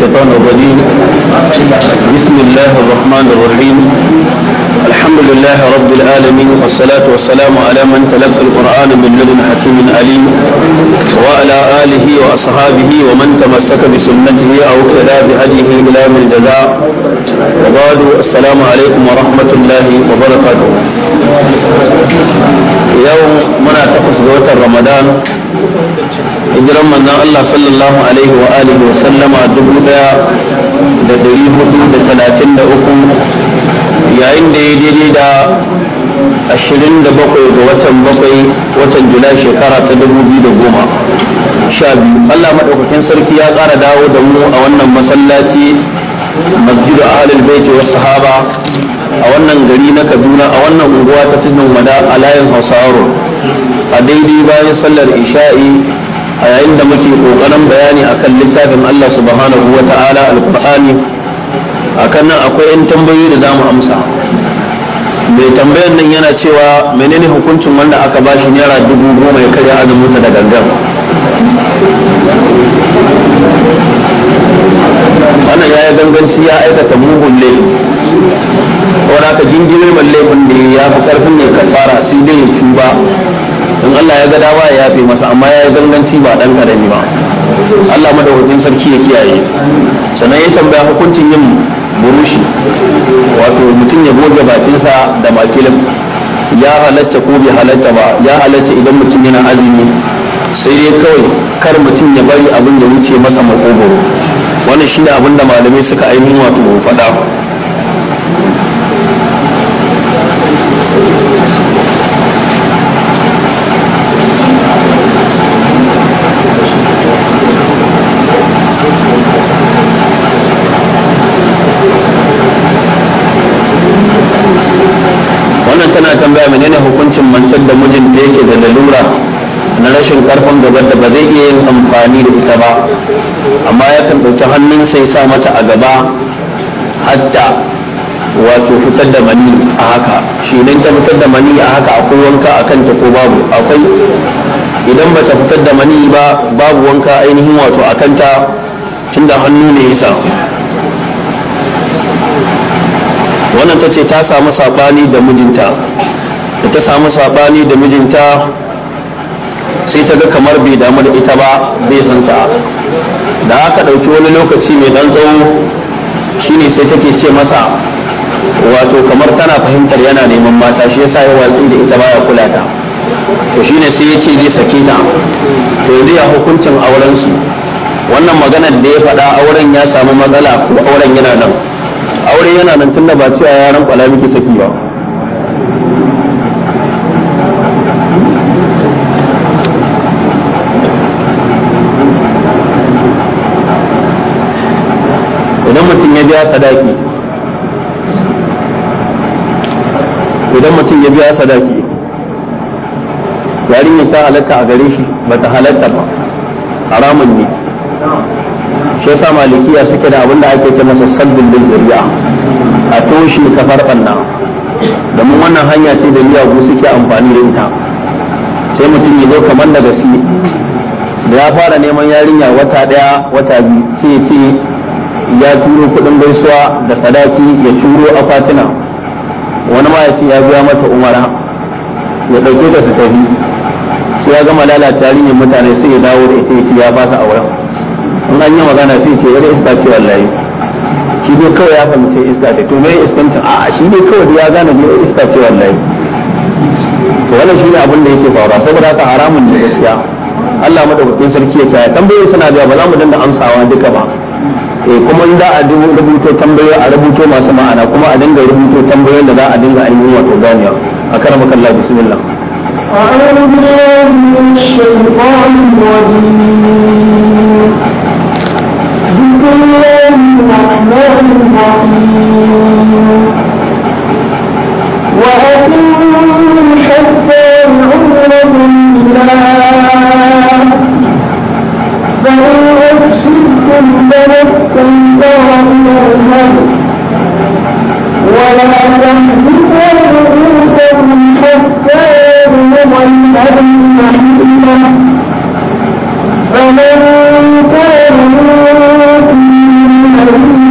الشيطان الرجيم بسم الله الرحمن الرحيم الحمد لله رب العالمين والصلاة والسلام على من تلقى القرآن من لدن حكيم عليم وعلى آله وأصحابه ومن تمسك بسنته أو كذا بهديه إلى من جزاء وبعد السلام عليكم ورحمة الله وبركاته يوم منعتقص قوة رمضان hijiran manzon Allah sallallahu alaihi wa alihi wa sallama dubu daya da dari hudu da talatin da uku yayin da ya daidai da ashirin da bakwai ga watan bakwai watan julai shekara ta dubu biyu da goma sha biyu Allah maɗaukakin sarki ya ƙara dawo da mu a wannan masallaci masjidu ahlul baiti was sahaba a wannan gari na kaduna a wannan unguwa ta tudun wada a layin hausaro a daidai bayan sallar isha'i a yayin da muke kokarin bayani akan littafin Allah subhanahu wa ta'ala a akan nan akwai yan tambayoyi da zamu amsa mai tambayar nan yana cewa menene hukuncin wanda aka bashi naira dubu goma ya karya sa da gangan wannan ya yi ganganci ya aikata mugun laifi ko da jingirman laifin da ya fi karfin ne fara sai dai ya tuba in Allah ya ga dama ya yafe masa amma ya yi ganganci ba dan karami ba Allah madawacin sarki ya kiyaye sannan ya tambaya hukuncin yin burushi wato mutum ya goge bakinsa da makilin ya halatta ko bai halatta ba ya halatta idan mutum yana azumi sai dai kawai kar mutum ya bari abin da wuce masa makogoro wannan ne abin da malamai suka ainihin wato faɗa tana tambaya mene ne hukuncin mansar da mijinta yake da lalura na rashin karfin gabar da ba zai iya yin amfani da ita ba amma yakan ɗauki hannun sai sa mata a gaba hatta wato fitar da mani a haka shi ta fitar da mani a haka akwai wanka a kanta ko babu akwai idan bata fitar da mani ba babu wanka ainihin wato a kanta tunda hannu ne ya sa wannan ta ce ta samu saɓani da mijinta da ta samu saɓani da mijinta sai ta ga kamar bai damu da ita ba bai san ta da aka ɗauki wani lokaci mai ɗan tsawo shine sai take ce masa wato kamar tana fahimtar yana neman mata shi yasa ya watsi da ita baya kula ta to shine sai ya ce zai sake ta to yanzu ya hukuncin auren su wannan maganar da ya faɗa auren ya samu matsala ko auren yana nan aure yana nan tunda ba a yaran kwala muke saki ba idan mutum ya biya sadaki idan mutum ya biya sadaki yarinya ta halatta a gare shi ba ta halatta ba haramun ne shi yasa malikiya suke da abin da ake ce masa sabbin bil zuriya a toshe kafar banna domin wannan hanya ce da miyagu suke amfani da ita sai mutum ya zo kamar da gaske da ya fara neman yarinya wata daya wata biyu ce ce ya turo kudin gaisuwa da sadaki ya turo a fatina. wani ma ya ce ya biya mata umara ya dauke ta su tafi sai ya gama lalata yarinyar mutane sai ya dawo da ita ya ce ya ba su auren in an yi magana sai ce wani iska ce wallahi shi ne kawai ya fahimci iska ce to me iskancin a shi ne kawai ya gane mai iska ce wallahi to wannan shine abin da yake faruwa saboda haka haramun ne gaskiya Allah madaukakin sarki ya kaya tambayoyi suna da ba za mu dinga amsawa duka ba eh kuma in za a rubuto tambayoyi a rubuto masu ma'ana kuma a dinga rubuto tambayoyin da za a dinga ainihin wato ganiya أكرمك الله بسم الله أعوذ بالله من الشيطان الرجيم بسم حتى العمر بالله فإن أفسدتم فنفسا فغيرها ولا تملكوا رؤوسكم حتى يبلغ الأجل محله فمن كان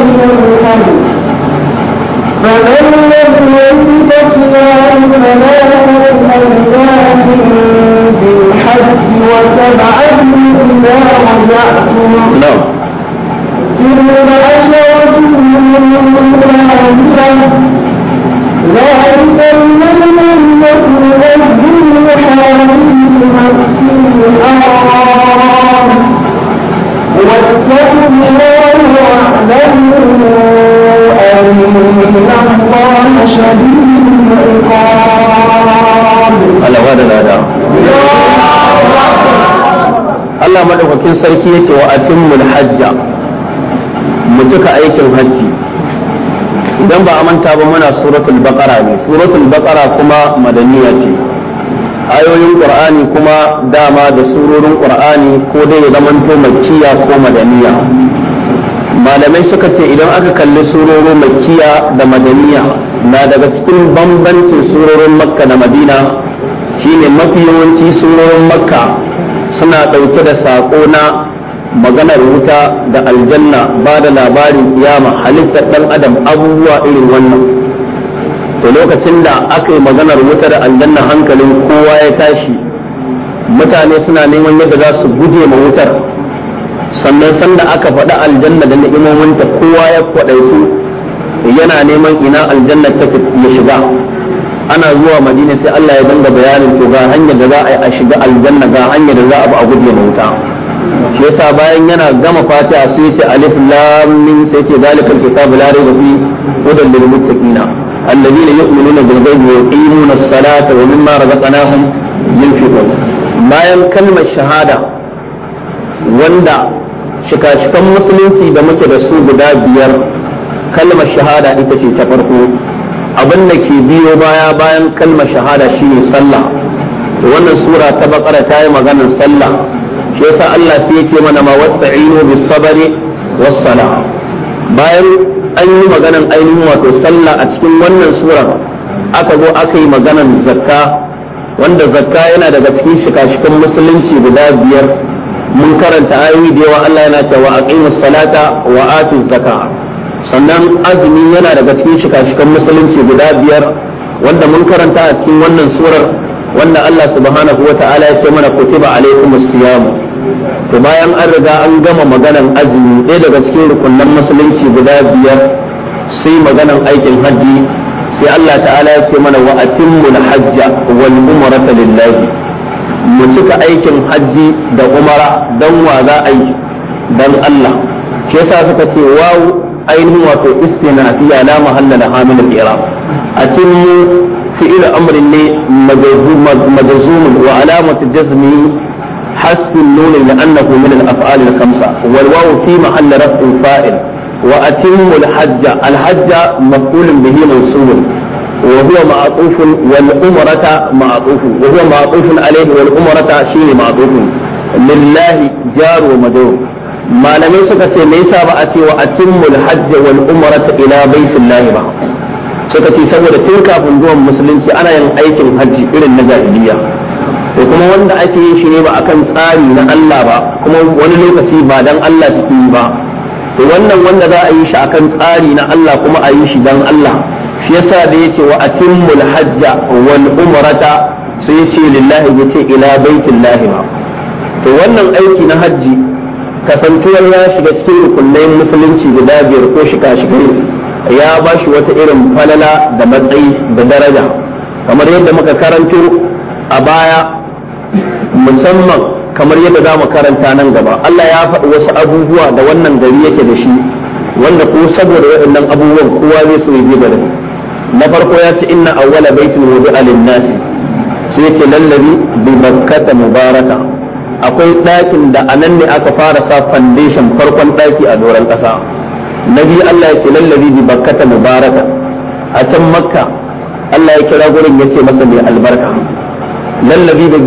فمن لم يجد صيام ثلاثة أيام بالحج وسبعة إذا رجعتم تلك عشرة كاملة ذلك المؤمن يتنزل حديث مسجد الأرض Allah madaukakin sarki yake wa atimul hajja mu cika aikin hajji idan ba a manta ba muna suratul baqara ne suratul baqara kuma madaniya ce ayoyin qur'ani kuma dama da surorin qur'ani ko dai ya zamanto makkiya ko madaniya malamai suka ce idan aka kalli surorin makkiya da madaniya na daga cikin bambancin surorin makka da madina shine mafi yawanci surorin makka suna ɗauke da sako na maganar wuta da aljanna ba da labarin kiyama halittar ɗan adam abubuwa irin wannan to lokacin da aka yi maganar wutar aljanna hankalin kowa ya tashi mutane suna neman yadda za su guje ma wutar sannan sanda aka faɗi aljanna da ni'imominta kowa ya kwaɗaitu yana neman ina aljanna ta ya shiga ana zuwa madina sai Allah ya danga bayanin to ga hanyar da za a yi a shiga aljanna ga hanyar da za a bi a guje ma wuta shi yasa bayan yana gama fatiha sai ya ce alif lam min sai ya ce zalikal kitabu la rayba fi hudan lil muttaqina الذين يؤمنون بالغيب ويقيمون الصلاة ومما رزقناهم ينفقون bayan kalmar shahada wanda shika-shikan musulunci da muke da su guda biyar kalmar shahada ita ce ta farko abin da ke biyo baya bayan kalmar shahada shine sallah wannan sura ta bakara ta yi maganar sallah shi yasa Allah sai yake mana ma wasta'inu bis sabri was sala bayan an yi maganan ainihin wato sallah a cikin wannan surar aka zo aka yi maganan zakka wanda zakka yana daga cikin shika-shikan musulunci guda biyar mun karanta ayoyi da yawa Allah yana cewa aqimus salata wa atuz zakka sannan azumi yana daga cikin shika-shikan musulunci guda biyar wanda mun karanta a cikin wannan surar wanda Allah subhanahu wa ya ce mana kutiba alaikumus siyamu to bayan an riga an gama maganan azumi ɗaya daga cikin rukunin musulunci guda biyar sai maganan aikin hajji sai Allah ta'ala ya ce mana wa atimmul hajja wal umrata lillahi mu cika aikin hajji da umara dan wa za a yi dan Allah shi yasa suka ce wawu ainihin wato istinafiya la mahallala hamilul i'rab atimmu fi'il amrin ne majzumun wa alamatu jazmi. حسب النون لأنه من الأفعال الخمسة والواو في محل رفع فاعل وأتم الحج الحج مفعول به منصوب وهو معطوف والأمرة معطوف وهو معطوف عليه والأمرة شين معطوف لله جار ومجرور ما لم يسك ليس بأتي وأتم الحج والأمرة إلى بيت الله بها suka ce saboda tun kafin zuwan musulunci ana yin aikin hajji irin na jahiliya to kuma wanda ake yin shi ne ba akan tsari na Allah ba kuma wani lokaci ba dan Allah suke yi ba to wannan wanda za a yi shi akan tsari na Allah kuma a yi shi dan Allah shi yasa da yace wa atimmul hajja wal umrata sai yace lillahi yace ila baitillahi ma to wannan aiki na hajji kasantuwar ya shiga cikin rukunnan musulunci guda biyar ko shika shigar ya ba shi wata irin falala da matsayi da daraja kamar yadda muka karanto a baya musamman kamar yadda za mu karanta nan gaba Allah ya faɗi wasu abubuwa da wannan gari yake da shi wanda ko saboda waɗannan abubuwan kowa zai so ya je garin na farko ya ce inna awwala baitin wudu'a lin-nas sai ya ce lallabi bi makkata mubaraka akwai ɗakin da anan ne aka fara sa foundation farkon ɗaki a doron ƙasa na biyu Allah ya ce lallabi bi makkata mubaraka a can makka Allah ya kira gurin ya ce masa mai albarka lallabi bi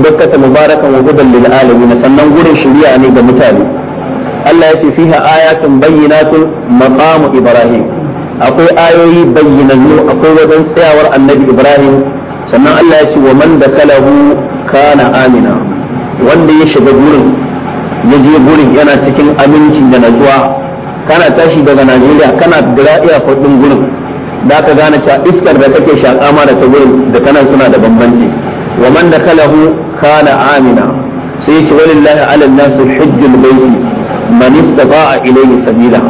bakkata mubarakan wa hudan lil alamin sannan gurin shari'a ne ga mutane Allah ya ce fiha ayatun bayyinatun maqamu ibrahim akwai ayoyi bayyinannu akwai wajen tsayawar annabi ibrahim sannan Allah ya ce wa man dakalahu kana amina wanda ya shiga gurin ya je gurin yana cikin aminci da natsuwa kana tashi daga Najeriya kana dira iya faɗin gurin da ka gane cewa iskar da kake shaƙa ma da ta gurin da kanan suna da bambanci wa man dakalahu kana amina sai ce walillahi ala nasu hajjul baiti man istata'a ilayhi sabila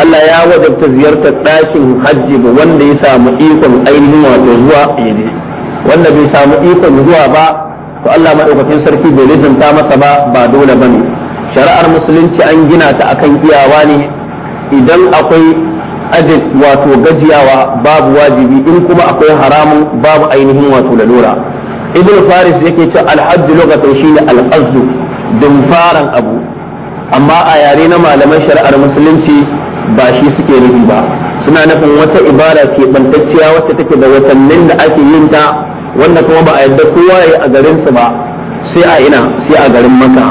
Allah ya wajabta ziyartar ɗakin hajji ga wanda ya samu ikon ainihin wato zuwa yaje wanda bai samu ikon zuwa ba to Allah madaukakin sarki bai lizinta masa ba ba dole bane shari'ar musulunci an gina ta akan kiyawa ne idan akwai ajin wato gajiyawa babu wajibi in kuma akwai haramun babu ainihin wato lalura ibn faris yake ce alhajj lokacin shine alhazzu dumfaran abu amma a yare na malaman shari'ar musulunci ba shi suke nufi ba suna nufin wata ibada ke bantacciya wacce take da watannin da ake yin ta wanda kuma ba a yadda kowa ya a garin su ba sai a ina sai a garin maka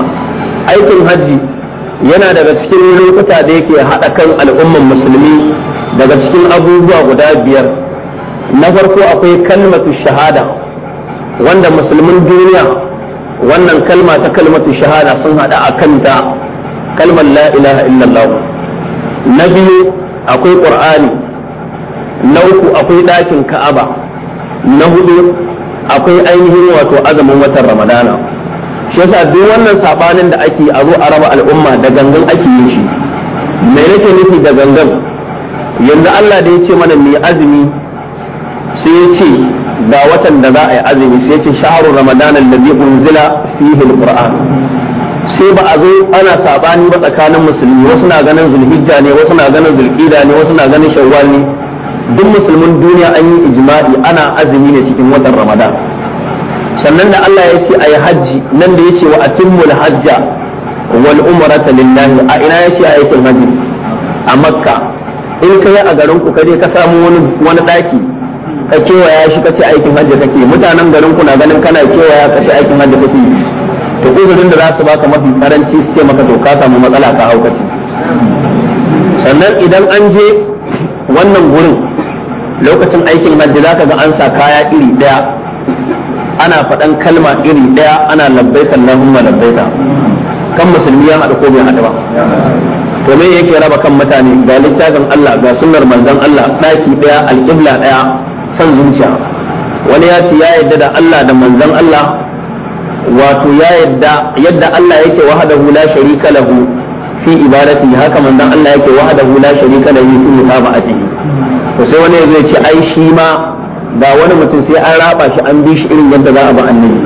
aikin hajji yana daga cikin lokuta da yake haɗa kan al'umman musulmi daga cikin abubuwa guda biyar na farko akwai kalmatu shahada wanda musulmin duniya wannan kalma ta kalmatu shahada sun hada a kanta kalmar la ilaha illallah na biyu akwai qur'ani na uku akwai ɗakin ka'aba na hudu akwai ainihin wato azumin watan ramadana shi yasa duk wannan sabanin da ake a zo a raba al'umma da gangan ake yin shi me nake nufi da gangan yanzu Allah da ya ce mana mai azumi sai ya ce ga watan da za a yi azumi sai ya ce shaharu ramadan alladhi unzila fihi alquran sai ba a zo ana sabani ba tsakanin musulmi wasu na ganin zulhijja ne wasu na ganin zulqida ne wasu na ganin shawwal ne duk musulmin duniya an yi ijma'i ana azumi ne cikin watan ramadan sannan da Allah ya ce ayi hajji nan da ya ce wa atimmul hajja wal umrata lillahi a ina ya ce ayatul hajji a makka in ka yi a garin ku je ka samu wani wani daki ka ya shi kace aikin hajji kake mutanen garin ku na ganin kana kewaya kace aikin hajji kake to uzurin da za su baka mafi karanci su ce maka to ka samu matsala ka haukace sannan idan an je wannan gurin lokacin aikin hajji zaka ga an sa kaya iri daya ana faɗan kalma iri daya ana labbaika Allahumma labbaika kan musulmi ya haɗa ko bai haɗa ba to me yake raba kan mutane ga littafin Allah ga sunnar manzon Allah ɗaki daya alƙibla ɗaya. son zuciya wani ya ce ya yadda da Allah da manzon Allah wato ya yadda yadda Allah yake wahadahu la sharika lahu fi ibadati haka manzon Allah yake wahadahu la sharika lahu fi mutaba'ati to sai wani zai ce ai shi ma ga wani mutum sai an raba shi an bi shi irin yadda za a ba annabi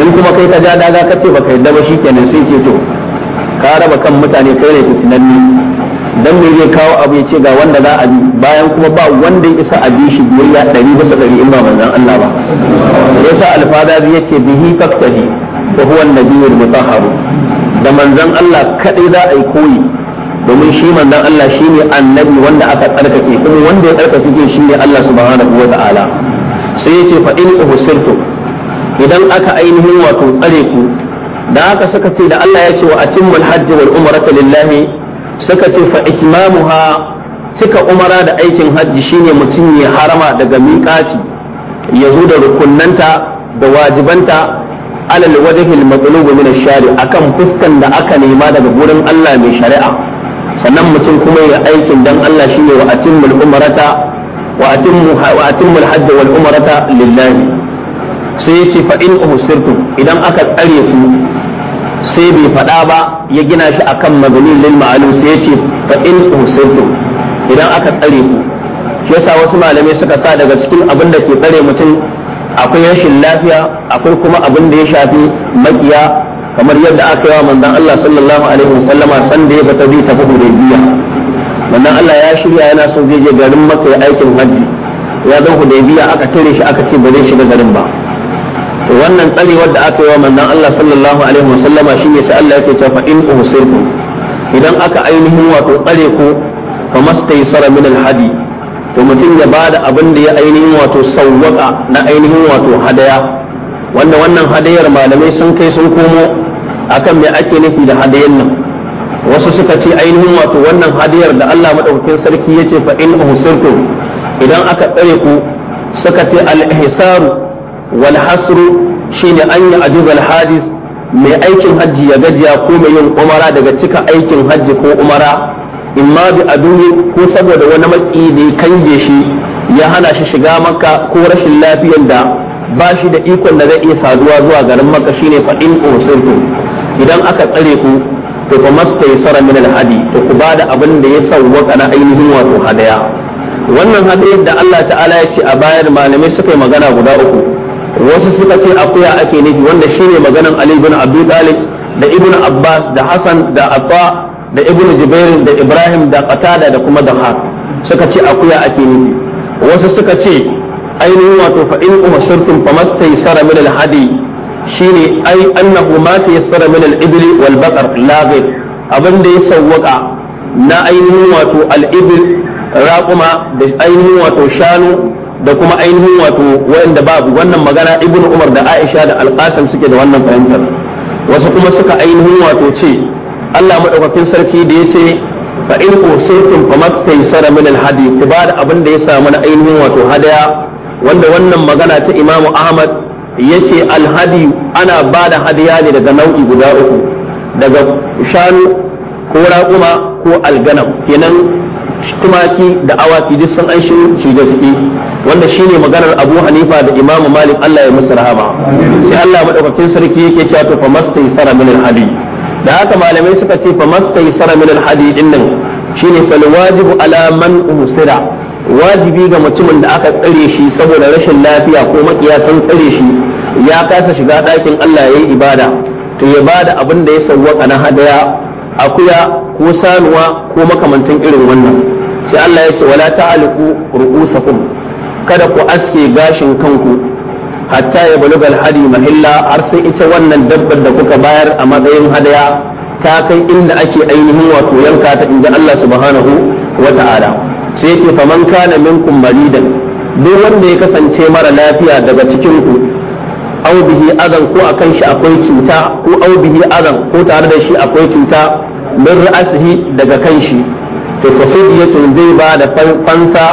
in kuma kai ka ja daga ka ce baka yadda ba shikenan sai ke to ka raba kan mutane kai ne fitinanni dan mai zai kawo abu ya ce ga wanda za a bi bayan kuma ba wanda ya isa a bi shi biyayya ɗari bisa ɗari in ba manzan Allah ba yasa alfada zai ce bihi faktahi wa huwa nabiyyul mutahhar da manzan Allah kadai za a yi koyi domin shi manzan Allah shine annabi wanda aka tsarkake kuma wanda ya tsarkake shi shine Allah subhanahu wa sai yace fa in uhsirtu idan aka ainihin wato tsare ku da aka saka ce da Allah ya ce wa atimmul hajji wal umrata lillahi suka ce fa itmamuha cika umara da aikin hajji shine mutum ya harama daga miƙati ya zo da rukunnanta da wajibanta alal wajhil matlub min ash-shari akan fuskan da aka nema daga gurin Allah mai shari'a sannan mutum kuma ya aikin dan Allah shine wa atimmul umrata wa atimmu wa atimmul hajj wal umrata lillahi sai yace fa in uhsirtum idan aka tsare ku sai bai faɗa ba ya gina shi akan maganin lil ma'alum sai ya ce in usirtu idan aka tsare ku shi yasa wasu malamai suka sa daga cikin abin da ke tsare mutum akwai rashin lafiya akwai kuma abin da ya shafi makiya kamar yadda aka yi wa manzon Allah sallallahu alaihi wasallama san da ya fita zai tafi Hudaybiya manzon Allah ya shirya yana son zai je garin Makka ya aikin hajji ya zo Hudaybiya aka tare shi aka ce ba zai shiga garin ba wannan tsarewar da aka yi wa manzon Allah sallallahu alaihi wasallama shine sai Allah yake cewa in uhsirku idan aka ainihin wato tsare ku fa mastaysara min alhadi to mutum ya bada abin da ya ainihin wato sawwaka na ainihin wato hadaya wanda wannan hadayar malamai sun kai sun komo akan me ake nufi da hadayar nan wasu suka ce ainihin wato wannan hadayar da Allah madaukakin sarki yace fa in uhsirku idan aka tsare ku suka ce al-ihsaru wal hasru shine anyi yi hadis mai aikin hajji ya gajiya ko mai yin umara daga cika aikin hajji ko umara ma bi aduhi ko saboda wani matsi da kan kange shi ya hana shi shiga maka ko rashin lafiyar da ba shi da ikon da zai iya saduwa zuwa garin maka shine fadin usulku idan aka tsare ku to fa masta yasara min alhadi to ku bada abin da ya sauwaka na ainihin wato hadaya wannan hadayar da Allah ta'ala ya ce a bayar malamai suka yi magana guda uku wasu suka ce akuya ake nufi wanda shine maganan Ali ibn Abi Talib da Ibn Abbas da Hassan da Atta da Ibn Jubair da Ibrahim da Qatada da kuma Dahab suka ce akuya ake nufi wasu suka ce ainihin wato fa in umsirtum famastaysara min al-hadi shine ai annahu ma tayassara min al-ibli wal baqar la ghayr abin da ya sawwaka na ainihin wato al-ibl raquma da ainihin wato shanu da kuma ainihin wato waɗanda babu wannan magana ibnu umar da aisha da alqasim suke da wannan fahimtar wasu kuma suka ainihin wato ce Allah madaukakin sarki da yace fa in usaytum famastaysara min alhadi ku ba da abin da ya samu na ainihin wato hadaya wanda wannan magana ta imamu ahmad yace alhadi ana ba da hadiya ne daga nau'i guda uku daga shanu ko raƙuma ko alganam kenan tumaki da awaki duk sun an shiga ciki wanda shine maganar Abu Hanifa da Imam Malik Allah ya musu rahama sai Allah madaukakin sarki yake cewa to famastai sara min al-hadi da haka malamai suka ce famastai sara min al-hadi din nan shine fal wajibu ala man usira wajibi ga mutumin da aka tsare shi saboda rashin lafiya ko makiyasan tsare shi ya kasa shiga ɗakin Allah yayi ibada to ya bada abin da ya sawwaka na hadaya akuya ko sanuwa ko makamantan irin wannan sai Allah ya ce wala ta'aliku ru'usakum kada ku aske gashin kanku hatta ya baluga alhadi mahilla har sai ita wannan dabbar da kuka bayar a matsayin hadaya ta kai inda ake ainihin wato yanka ta inda Allah subhanahu wa ta'ala sai yake faman kana minkum maridan duk wanda ya kasance mara lafiya daga cikin ku au bihi adan ko akan shi akwai cuta ko au bihi adan ko tare da shi akwai cuta min ra'asihi daga kai shi to fasiyatun zai ba da fansa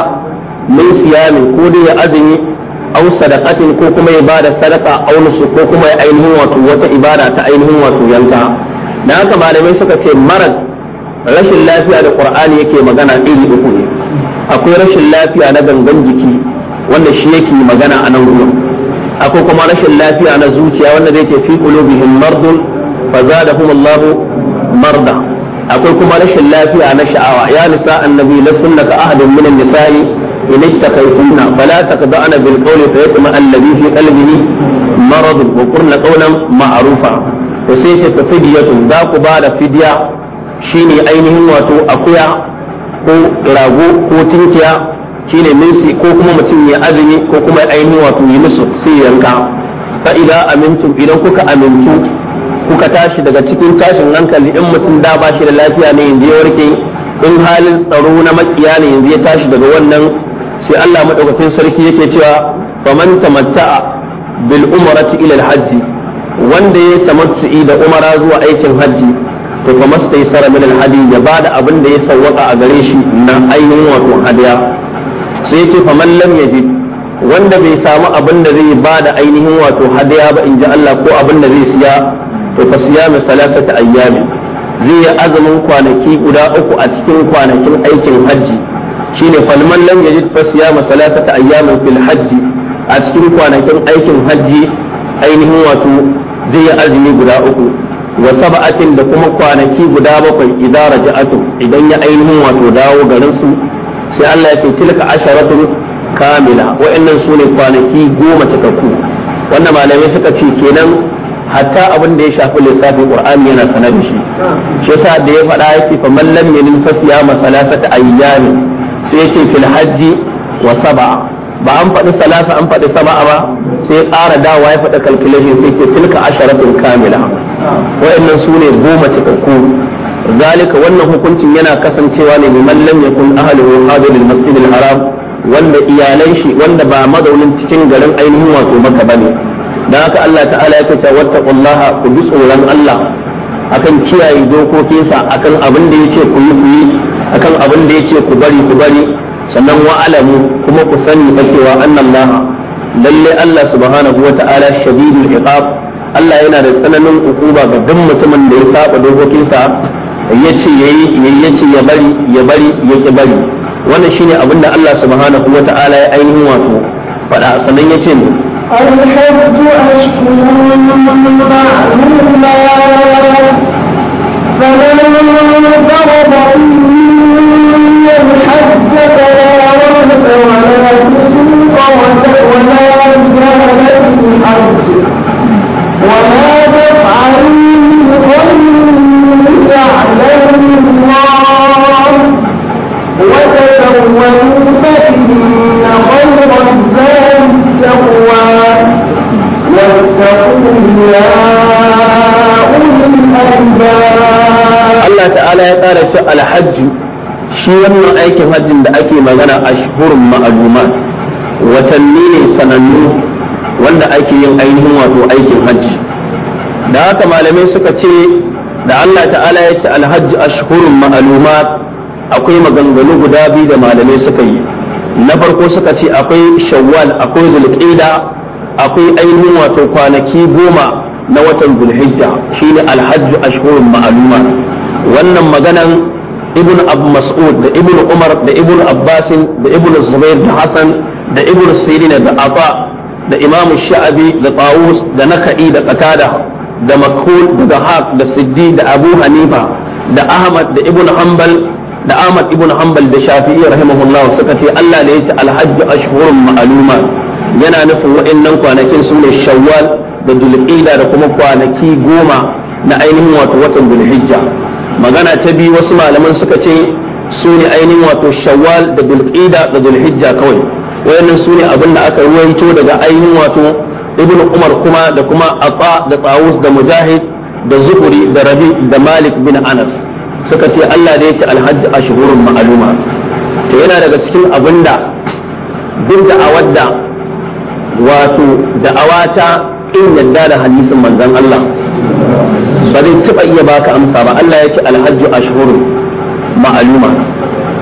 min siyamin ko dai ya azumi aw sadaqatin ko kuma ya bada sadaqa aw nusu ko kuma ya ainihin wato wata ibada ta ainihin wato yanka dan haka malamai suka ce marar rashin lafiya da qur'ani yake magana iri uku ne akwai rashin lafiya na gangan jiki wanda shi yake magana a nan gurin akwai kuma rashin lafiya na zuciya wanda zai ke fi qulubihim mardun fazadahum Allahu marda akwai kuma rashin lafiya na sha'awa ya nisa annabi la sunnaka ahadun min an-nisa'i in ittaqaytunna fala taqda'na bil qawli fa yatma alladhi fi qalbihi marad wa qurna qawlan ma'rufa to sai ce fa fidiyatu za ku ba da fidiya shine ainihin wato akuya ko rago ko tinkiya shine minsi ko kuma mutum ya azumi ko kuma ainihin wato yi musu sai yanka fa idza amintum idan kuka amintu kuka tashi daga cikin tashin hankali in mutum da ba shi da lafiya ne yanzu ya warke in halin tsaro na makiya ne yanzu ya tashi daga wannan sai Allah madaukakin sarki yake cewa faman tamatta'a bil umrati ila al hajji wanda ya tamattu'i da umara zuwa aikin hajji to fa mastaysara min al hadi ya bada abin da ya sawwaka a gare shi na ainihin wato hadiya sai yace faman lam yajid wanda bai samu abin da zai ba da ainihin wato hadiya ba in ji Allah ko abin da zai siya to fa siyamu salasata ayyami zai yi azumin kwanaki guda uku a cikin kwanakin aikin hajji shine falman lam yajid fa siyamu salasata ayyamin fil hajji a cikin kwanakin aikin hajji ainihin wato zai yi azumi guda uku wa sab'atin da kuma kwanaki guda bakwai idan raja'atu idan ya ainihin wato dawo garin su sai Allah ya ce tilka asharatun kamila wa'annan sune kwanaki goma cikakku wannan malamai suka ce kenan hatta abin da ya shafi lissafin qur'ani yana sanar da shi shi yasa da ya faɗa yake fa man lam yanin fasiyama salasata ayyam sai yake fil wa sab'a ba an faɗi salasa an faɗi saba'a ba sai ya ƙara dawa ya faɗi calculation sai ke tilka asharatun kamila wa'annan su ne goma cikakku zalika wannan hukuncin yana kasancewa ne liman lam yakun ahluhu hadiril masjidil haram wanda iyalan shi wanda ba mazaunin cikin garin ainihin wato maka ba ne. da haka Allah ta'ala ya wata wattaqullaha ku bi tsoron Allah akan kiyaye dokokinsa akan abin da yace ku yi ku yi akan abin da yace ku bari ku bari sannan wa alamu kuma ku sani fa cewa annallaha lalle Allah subhanahu wata'ala shadidul iqab Allah yana da tsananin hukuma ga duk mutumin da ya saba dokokinsa yace yayi ce ya bari ya bari ya ki bari wannan shine abin da Allah subhanahu wata'ala ya ainihin wato faɗa sannan yace ne الحج أشهر معلومات فمن فرض أن الحج فلا رفض ولا فسوق ولا Allah ta'ala ya tsara shi alhajji shi wannan aikin hajjin da ake magana a shuhurin ma'aluma. watanni ne sanannu wanda ake yin ainihin wato aikin hajji da haka malamai suka ce da Allah ta'ala ya ce alhajji a shuhurin ma'aluma, akwai maganganu guda biyu da malamai suka yi na farko suka ce akwai shawwal akwai zulqida akwai ainihin wato kwanaki goma na watan zulhijja shine alhajju ashhurun ma'aluma wannan maganan ibn abu mas'ud da ibn umar da ibn abbasin da ibn zubair da hasan da ibn sirina da afa da imamu sha'abi da tawus da naka'i da qatada da makhul da dahaq da siddi da abu hanifa da ahmad da ibn hanbal da ahmad ibnu hanbal da shafi'i rahimahullah suka ce Allah ne ya ce alhajju ashhurun ma'aluma yana nufin wa'annan kwanakin sune ne shawwal da zulqa'ida da kuma kwanaki goma na ainihin wato watan zulhijja magana ta biyu wasu malaman suka ce su ne ainihin wato shawwal da zulqa'ida da zulhijja kawai wayannan su ne abin da aka ruwaito daga ainihin wato ibnu umar kuma da kuma atsa da tawus da mujahid da Zuhri da rabi da malik bin anas suka ce Allah da yake alhajj ashhurun ma'aluma to yana daga cikin abinda duk da awadda wato da'awata in yadda da hadisin manzon Allah ba zai taba iya baka amsa ba Allah yake alhajju ashhurun ma'aluma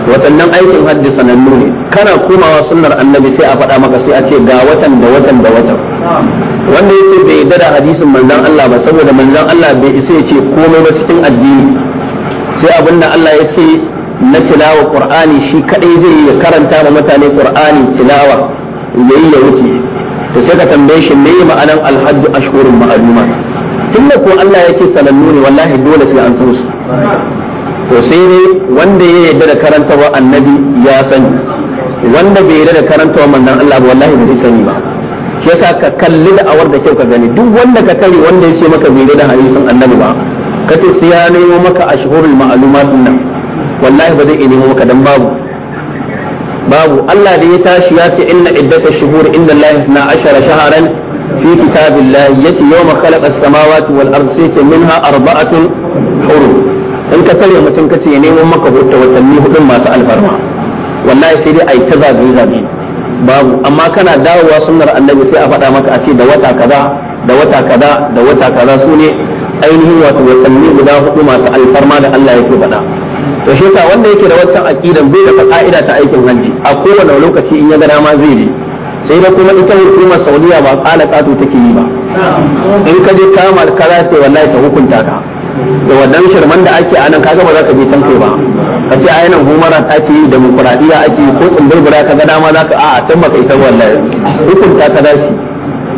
watannan aikin hajji sanannu ne kana komawa sunnar annabi sai a faɗa maka sai a ce ga watan da watan da watan wanda yake bai yadda da hadisin manzon Allah ba saboda manzon Allah bai isa ya ce komai ba cikin addini sai abinda Allah ya ce na tilawa qur'ani shi kadai zai ya karanta ma mutane qur'ani tilawa yayi ya wuce to sai ka tambaye shi me ma'anan alhajj ashhurun ma'luma tunda ko Allah yake sanannu ne wallahi dole sai an san su to sai ne wanda ya yarda da karantawa annabi ya sani wanda bai yarda da karantawa manzon Allah ba wallahi bai sani ba shi yasa ka kalli da awar da kyau ka gani duk wanda ka kare wanda ya ce maka bai yarda da hadisin annabi ba kace sai ya nemo maka ashhurul ma'lumat nan wallahi ba zai nemo maka dan babu babu Allah da ya tashi ya ce inna iddata shuhur inda Allah na ashara shaharan fi kitabillahi yace yawma khalaqa as-samawati wal ardi sai ce minha arba'atun hurum in ka tare mutum kace ya neman maka hutta watanni hudun masu alfarma wallahi sai dai ai ta zabi zabi babu amma kana dawowa sunnar annabi sai a faɗa maka a ce da wata kaza da wata kaza da wata kaza su ne ainihin wato watanni guda hudu masu alfarma da Allah yake faɗa da shi yasa wanda yake da wancan aqidan bai da fa'ida ta aikin hanji a kowane lokaci in ya ga dama zai yi sai da kuma ita hukumar saudiya ba kala katu take yi ba in ka je kama alkara sai wallahi ta hukunta ka da wannan shirman da ake anan kaga ba za ka je can kai ba ka ce a yanan humara ake yi demokuraɗiyya ake yi ko tsumbirbira ka ga dama za ka a a can baka ita wallahi hukunta ka za shi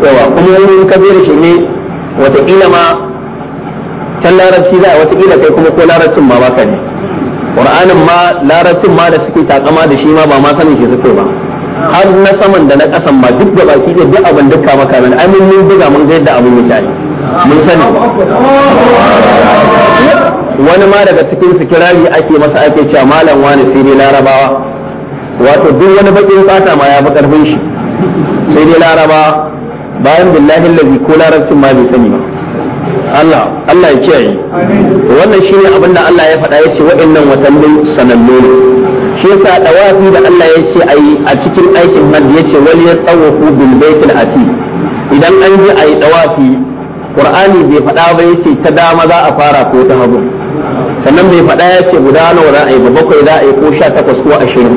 yawa kuma in ka je da shi ne wataƙila ma can larabci za a wataƙila kai kuma ko larabcin ma baka ne qur'anin ma larabcin ma da suke takama da shi ma ba ma sanin shi suke ba har na saman da na kasan ma duk da baki da duk abin duka maka min amin mun buga mun ga yadda abin mutane mun sani wani ma daga cikin su kirari ake masa ake cewa malam wani sai dai larabawa wato duk wani bakin fata ma ya fi karfin shi sai dai larabawa bayan billahi lazi ko larabcin ma bai sani ba Allah Allah ya kiyaye wannan shine abin da Allah ya faɗa ya ce waɗannan watannin sanannu ne shi yasa dawafi da Allah ya ce ayi a cikin aikin hajji ya ce wal yatawafu bil baitil ati? idan an ji ayi dawafi qur'ani bai faɗa ba yace ta dama za a fara ko ta hagu sannan bai faɗa ya ce guda nawa za a yi ba bakwai za a yi ko sha takwas ko ashirin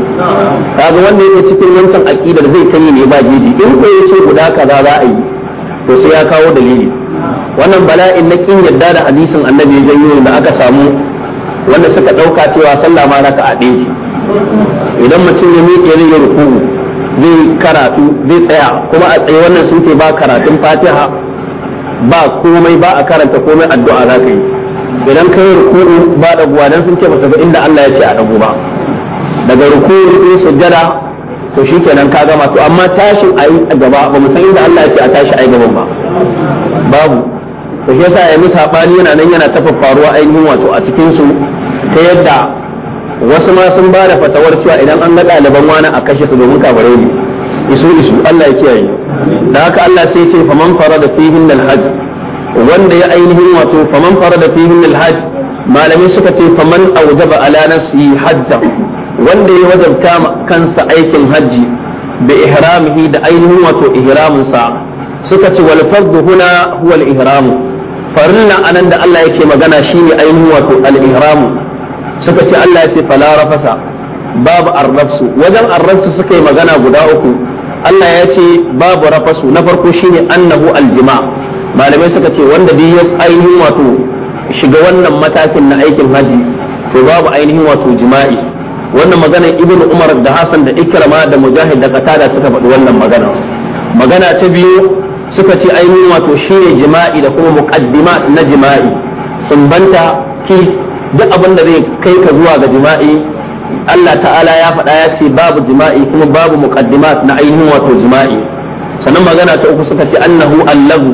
kaga wanda yake cikin wancan aƙidar zai kai ne ba jiji. in ko ce guda kaza za a yi to sai ya kawo dalili wannan bala'in na kin yadda da hadisin annabi ya janyo da aka samu wanda suka dauka cewa sallah ma raka a ɗaya idan mutum ya miƙe ne ya ruku'u zai karatu zai tsaya kuma a tsaye wannan sun ce ba karatun fatiha ba komai ba a karanta komai addu'a za ka yi idan ka yi ruku'u ba dan sun ce ba ga inda Allah ya ce a dagu ba daga ruku sai sujjada to kenan ka gama to amma tashi a gaba ba mu san inda Allah ya ce a tashi a yi gaban ba babu to shi yasa yanzu sabani yana nan yana tafa faruwa ainihin wato a cikin su ta yadda wasu ma sun ba da fatawar cewa idan an ga ɗaliban wani a kashe su domin kabare ne isu isu Allah ya kiyaye da haka Allah sai ce faman fara da fihin hajj wanda ya ainihin wato faman fara da fihin hajj malamai suka ce faman aujaba ala nafsi hajja wanda ya wajabta kansa aikin hajji bi ihramihi da ainihin wato ihramin sa suka ce wal fardu huna huwa al ihramu farillan anan da Allah yake magana shine ainihin wato al-ihramu suka ce Allah ya ce fala rafasa babu arrafsu wajen arrafsu suka yi magana guda uku Allah ya ce babu rafasu na farko shine annahu aljima malamai suka ce wanda duk ya ainihin wato shiga wannan matakin na aikin haji to babu ainihin wato jima'i wannan magana ibnu umar da hasan da ikrama da mujahid da qatada suka faɗi wannan magana magana ta biyu suka ce ainihin wato shine jima'i da kuma muqaddima na jima'i sumbanta ki duk abin da zai kai ka zuwa ga jima'i Allah ta'ala ya faɗa ya ce babu jima'i kuma babu muƙaddima na ainihin wato jima'i sannan magana ta uku suka ce annahu allahu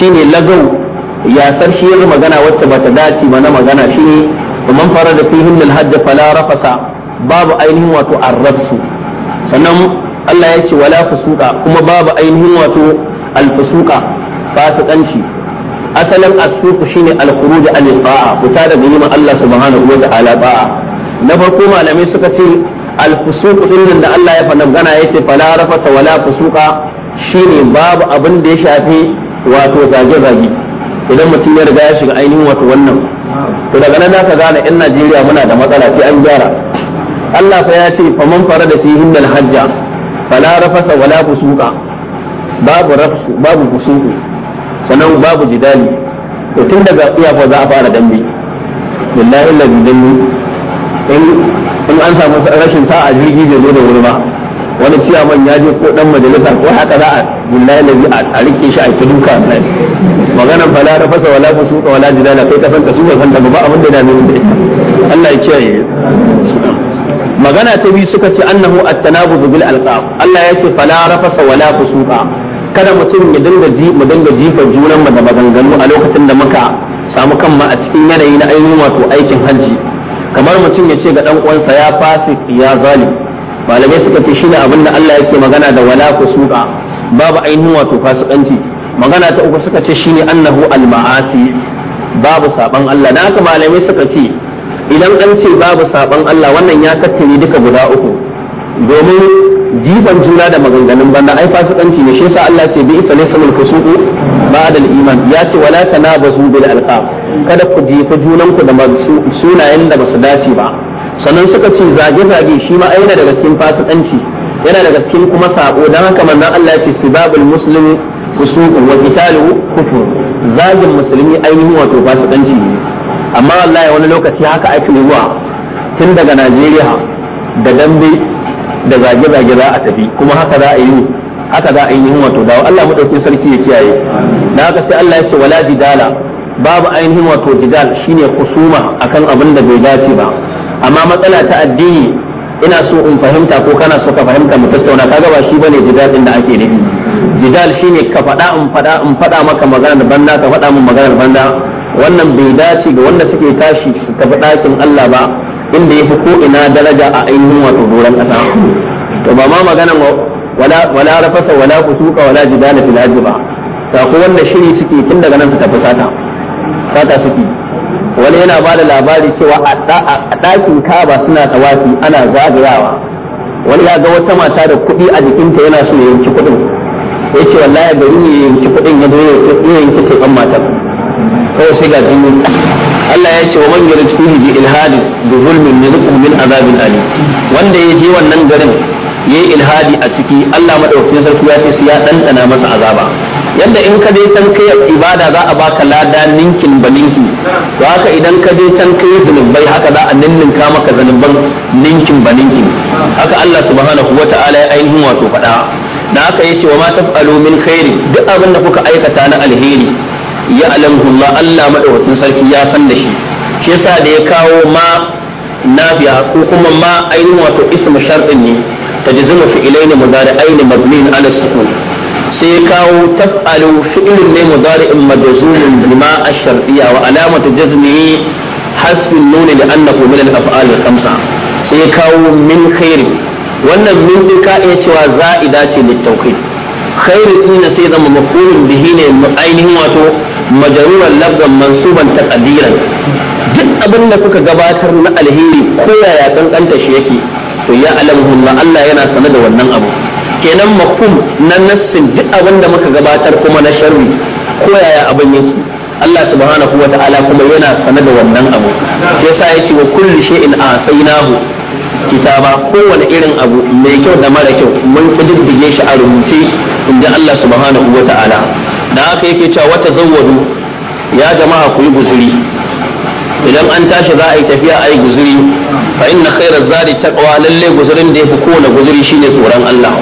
shine lagau ya sarshi yin magana wacce bata dace ba na magana shine man fara da fihin lil hajj fala rafasa babu ainihin wato arrafsu sannan Allah ya ce wala fusuka kuma babu ainihin wato alfusuka fasikanci asalin asuku shine alkhuruj an ta'a fita daga yimin Allah subhanahu wa ta'ala ba'a na farko malamai suka ce alfusuku din da Allah ya fada gana yace fala rafasa wala fusuka shine babu abin da ya shafi wato zage zage idan mutum ya riga ya shiga ainihin wato wannan to daga nan zaka gane in Najeriya muna da matsala sai an gyara Allah fa ya ce faman da fihin hajja fala rafasa wala fusuka babu rafsu babu kusuku sannan babu jidali to tun daga tsiya za a fara dambe billahi allazi dambe in an samu rashin sa'a jirgi bai zo da wuri ba wani man ya je ko dan majalisa ko haka za a billahi allazi a rike shi a kiduka nan maganan fala da fasa wala kusuka wala jidala kai ka ka su ka san ta ba abin da ya da ita, Allah ya kiyaye magana ta biyu suka ce annahu at-tanabuz bil alqab Allah yake fala rafasa wala fusuqa kada mutum ya dinga ji mu dinga jifa junan mu da maganganu a lokacin da muka samu kan ma a cikin yanayi na ainihin wato aikin hajji kamar mutum ya ce ga dan uwansa ya fasik ya zalim malamai suka ce shine abin da Allah yake magana da wala kusuka babu ainihin wato fasikanci magana ta uku suka ce shine annahu al-ma'asi babu saban Allah dan haka malamai suka ce idan an ce babu saban Allah wannan ya tattare duka guda uku domin jifan juna da maganganun banda ai fasikanci ne shi yasa Allah ce bi isa laysa fusuqu ba'da al-iman ya ce wala tanabazu bil alqab kada ku jefa junan ku da sunayen da basu dace ba sannan suka ce zage zage shi ma aina daga cikin fasikanci yana daga cikin kuma sako dan haka manzon Allah ce sibabul muslimi fusuqu wa qitaluhu kufur zagin musulmi ainihin wato fasikanci ne amma wallahi wani lokaci haka ake ruwa tun daga Najeriya da dambe da zage-zage za a tafi kuma haka za a yi haka za a yi wato dawo Allah madaukin sarki ya kiyaye da haka sai Allah ya ce wala jidala babu ainihin wato jidal shine kusuma akan abin da bai dace ba amma matsala ta addini ina so in fahimta ko kana so ka fahimta mu tattauna kaga ba shi bane jidal din da ake nufi jidal shine ka faɗa in faɗa in faɗa maka maganar banda ka faɗa min maganar banda wannan bai dace ga wanda suke tashi su tafi ɗakin Allah ba inda ya fi ko ina daraja a ainihin wato doron ƙasa to ba ma maganan wala wala rafasa wala kusuka wala jidala fil hajj ba sako wanda shiri suke tun daga nan su tafi sata sata suke wani yana ba da labari cewa a ɗakin kaba suna tawafi ana zagayawa wani ya ga wata mata da kuɗi a jikinta yana so ya yanki kuɗin ya ce wallahi gari ne ya yanki kuɗin ya zo ya yanki teɓan matar kawai sai ga jini Allah ya ce wa man yarjuhu bi ilhadi bi zulmin yarzuqu min azabin Ali. wanda ya je wannan garin ya yi ilhadi a ciki Allah madaukakin sarki ya ce sai ya dandana masa azaba yadda in ka je can kai ibada za a baka lada ninkin ba ninki to haka idan ka je can kai haka za a ninninka maka zunuban ninkin ba ninkin haka Allah subhanahu wata'ala ya ainihin wato faɗa da haka ce wa ma taf'alu min khairi duk abin da kuka aikata na alheri ya alamhullah Allah madaukakin sarki ya san da shi shi yasa da ya kawo ma nafiya ko kuma ma ainihin wato ismu sharɗin ne tajzimu fi'ilaini mudari aini mabnin ala sukun sai ya kawo taf'alu fi'ilun ne in majzumun bima ash-shartiyya wa alamatu jazmihi hasbin nuni da annahu min al-af'al al-khamsa sai ya kawo min khairin wannan min din ka iya cewa za'ida ce littauqid khairin din sai zama mafulun bihi ne ainihin wato majaruran labban mansuban takadiran duk abin da kuka gabatar na alheri ko yaya kankanta shi yake to ya Allah yana sane da wannan abu kenan mafhum na nassin duk abin da muka gabatar kuma na sharri ko yaya abin yake Allah subhanahu wa ta'ala kuma yana sane da wannan abu yasa yace wa kulli shay'in asaynahu kitaba kowane irin abu mai kyau da mara kyau mun kudin dige shi a rubuce inda Allah subhanahu wa ta'ala da aka yake cewa wata zawadu ya jama'a ku yi guzuri idan an tashi za a yi tafiya a yi guzuri fa inna khairaz zari taqwa lalle guzurin da yafi kowane guzuri shine tsoron Allah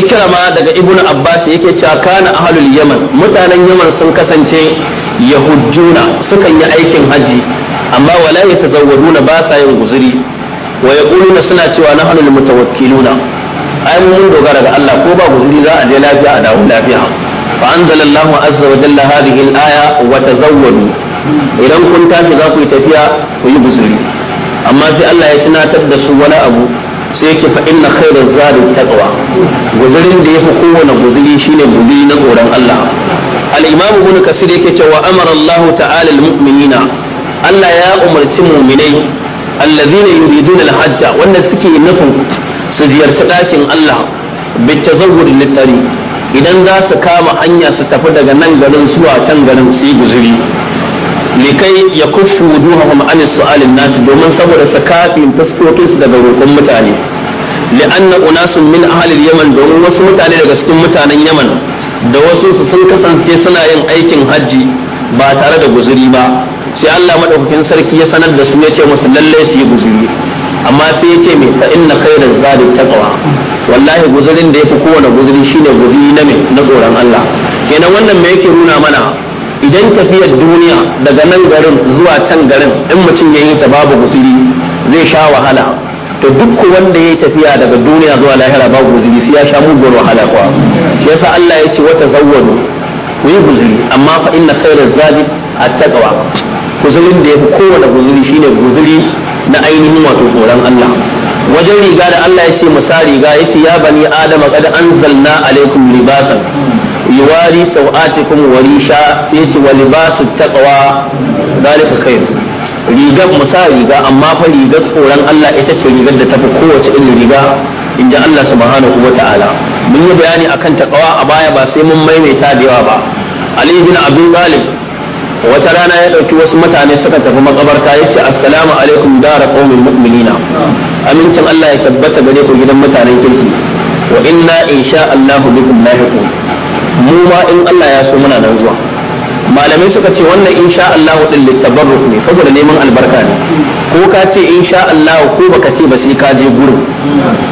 ikrama daga ibnu abbas yake cewa kana ahlul yaman mutanen yaman sun kasance yahujuna sukan yi aikin haji amma wala yatazawwaduna ba sa yin guzuri wa yaquluna suna cewa nahnu mutawakkiluna ai mun dogara ga Allah ko ba guzuri za a je lafiya a dawo lafiya فأنزل الله عز وجل هذه الآية وتزودوا إذا كنت تذاكو تفيا ويبزري أما في الله يتنا تبدس ولا أبو سيك فإن خير الزاد التقوى وزرين دي حقوة نبزري شين بذين قرآن الله الإمام ابن كثير يكي وأمر الله تعالى المؤمنين Allah ya umarci muminai allazina yuridun alhajja wanda suke nufin su ziyarci ɗakin Allah bi tazawwur litari idan za su kama hanya su tafi daga nan garin zuwa can garin su yi guzuri Kai ya kufu wuduhahum an Alin nasu domin saboda su kafi fuskokin su daga roƙon mutane li'anna unasun min ahalil yaman domin wasu mutane daga cikin mutanen yaman da wasu su sun kasance suna yin aikin hajji ba tare da guzuri ba sai Allah madaukakin sarki ya sanar da su ya ce musu lallai su yi guzuri amma sai ya ce me fa inna khairaz ta taqwa wallahi guzurin da ya fi kowane guzuri ne guzuri na mai na tsoron Allah kenan wannan me yake nuna mana idan tafiyar duniya daga nan garin zuwa can garin in mutum ya yi ta babu guzuri zai sha wahala to duk wanda ya yi tafiya daga duniya zuwa lahira babu guzuri sai ya sha mugun wahala kuwa shi yasa Allah ya ce wata zawwadu ku yi guzuri amma fa inna khairaz zabi at-taqwa guzurin da ya fi kowane guzuri shine guzuri na ainihin wato tsoron Allah wajen riga da Allah ya ce musa riga ya ce ya bani adama kada anzalna alaikum libasan yuwari sau'atikum wa risha sai ya ce wa libasu taqwa zalika khair rigar musa riga amma fa rigar tsoron Allah ita ce rigar da tafi kowace irin riga inda Allah subhanahu wa ta'ala mun yi bayani akan taqwa a baya ba sai mun maimaita da yawa ba Ali bin Abi Talib wata rana ya ɗauki wasu mutane suka tafi makabarta ce assalamu alaikum dara qaumil mu'minina amincin Allah ya tabbata gare ku gidan mutanen kirki wa inna sha Allahu bikum lahiqun mu ma in Allah ya so muna nan zuwa malamai suka ce wannan sha Allah din littabarruk ne saboda neman albarka ne ko ka ce in sha Allah ko baka ce ba sai ka je gurin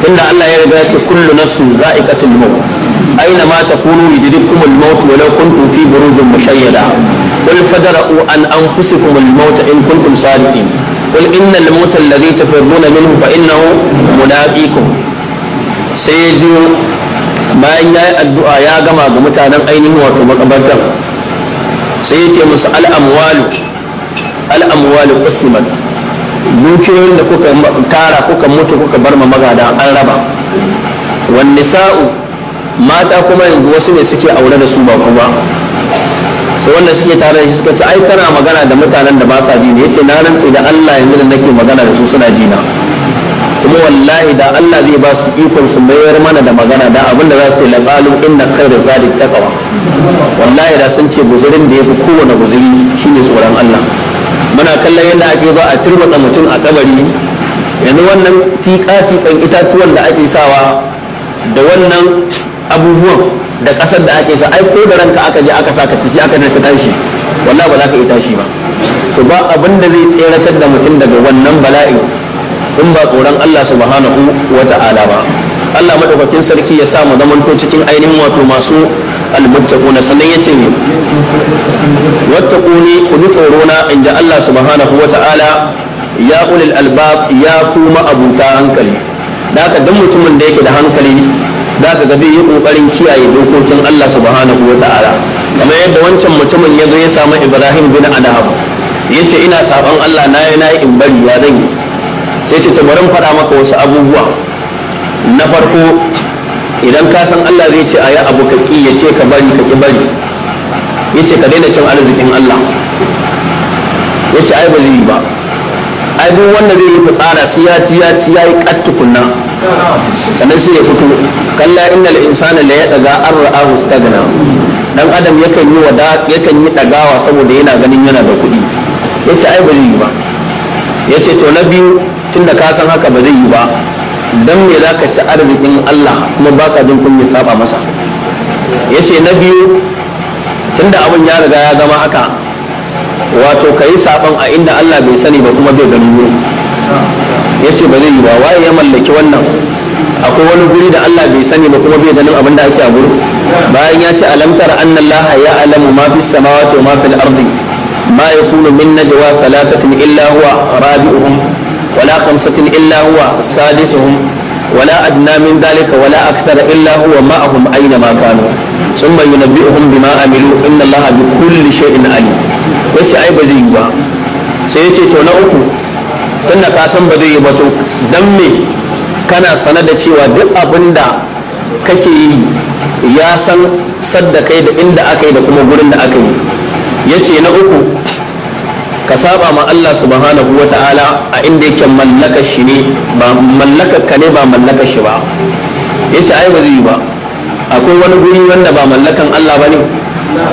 inda Allah ya riga ya ce kullu nafsin za'iqatul maut aina ma takunu yudrikum al-maut walau kuntum fi burujin mushayyada qul fadra'u an anfusikum al-maut in kuntum sadiqin qul inna al-maut alladhi tafirruna minhu fa innahu mulaqikum sai ji bayan yayi addu'a ya gama ga mutanen ainihin wato makabartan sai musu dukiyoyin da kuka tara kuka mutu kuka bar ma magada an raba wan sa'u? mata kuma yanzu wasu ne suke aure da su ba kuma sai wanda suke tare da shi suka ce ai kana magana da mutanen da ba sa ji ne yace na rantse da Allah yanzu da nake magana da su suna ji na kuma wallahi da Allah zai ba su ikon su mayar mana da magana da abin da za su ce la qalu inna khayra zalik taqwa wallahi da sun ce guzurin da yafi kowane guzuri shine tsoron Allah muna kallon yadda ake ba a turbata mutum a kabari yanzu wannan tika tikan itatuwan da ake sawa da wannan abubuwan da ƙasar da ake sa ai ko da ranka aka je aka saka ciki aka ta tashi wallahi ba za ka yi tashi ba to ba abin da zai tseratar da mutum daga wannan bala'i, in ba tsoron Allah subhanahu wa ta'ala ba Allah madaukakin sarki ya sa mu zamanto cikin ainihin wato masu almuttaquna sannan yace ne wattaquni ku bi tsorona inda Allah subhanahu wa ta'ala ya ulil albab ya kuma abuta hankali da haka duk mutumin da yake da hankali za ka ga zai yi kokarin kiyaye dokokin Allah subhanahu wa ta'ala kamar yadda wancan mutumin ya zo ya samu Ibrahim bin Adham yace ina saban Allah na yi nayi in bari ya zan yi sai ce barin faɗa maka wasu abubuwa na farko idan ka san Allah zai ce ayi abu ka ki yace ka bari ka ki bari yace ka daina cin arzikin Allah yace ai ba zai yi ba ai duk wanda zai yi fitsara ci-ya ci, ya yi kattukunna sannan sai ya fito kalla innal insana la yadaga an ra'ahu stagna dan adam yakan yi wada yakan yi dagawa saboda yana ganin yana da kuɗi yace ai ba yi ba yace to na biyu tunda ka san haka ba zai yi ba dan me zaka ci arzikin Allah kuma baka jin kunya saba masa yace na biyu tunda abin ya riga ya zama haka wato kayi saban a inda Allah bai sani ba kuma bai gani wurin yace ba zai yi ba waye ya mallaki wannan akwai wani guri da Allah bai sani ba kuma bai nan abin da ake a gurin bayan ya ce alamtar tara ya alamu ya'lamu ma fis samawati ma fil ardi ma yakunu min najwa thalathatin illa huwa rabi'uhum wala khamsatin illa huwa sadisuhum wala adna min dhalika wala akthara illa huwa ma'ahum aina ma kanu ثم ينبئهم بما inna ان الله بكل شيء عليم yace ai ba zai yi ba sai yace to na uku tunda ka san ba zai yi ba to dan me kana sana da cewa duk abin da kake yi ya san sadda kai da inda aka yi da kuma gurin da aka yi yace na uku ka saba ma Allah subhanahu wa ta'ala a inda yake mallaka shi ne ba mallaka ka ne ba mallaka shi ba yace ai ba zai yi ba akwai wani guri wanda ba mallakan Allah ba ne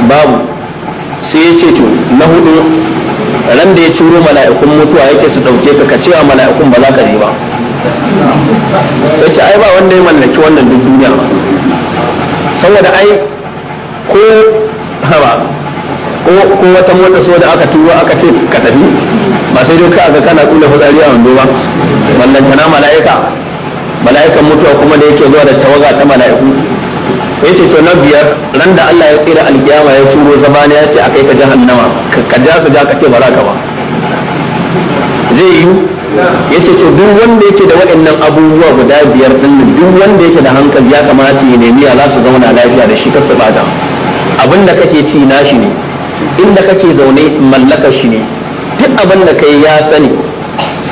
babu sai ya ce to na hudu ran da ya turo mala'ikun mutuwa yake su dauke ka ka wa mala'ikun ba za ka je ba sai ai ba wanda ya mallaki wannan duk duniya ba saboda ai ko haba ko ko wata mota so da aka turo aka ce ka tafi ba sai dai ka ga kana kula fitsari a wando ba mallan kana mala'ika mala'ikan mutuwa kuma da yake zuwa da tawaga ta mala'iku ya ce to na biyar ran da Allah ya tsira alkiyama ya turo zabana ya ce a kai ka jahannama ka ja su ja ka ce ba za ka ba zai yi ya ce to duk wanda yake da waɗannan abubuwa guda biyar din nan duk wanda yake da hankali ya kamata ya nemi ya su zauna lafiya da shi kar su bada abin da kake ci na shi ne inda kake zaune mallakar shi ne duk abin da kai ya sani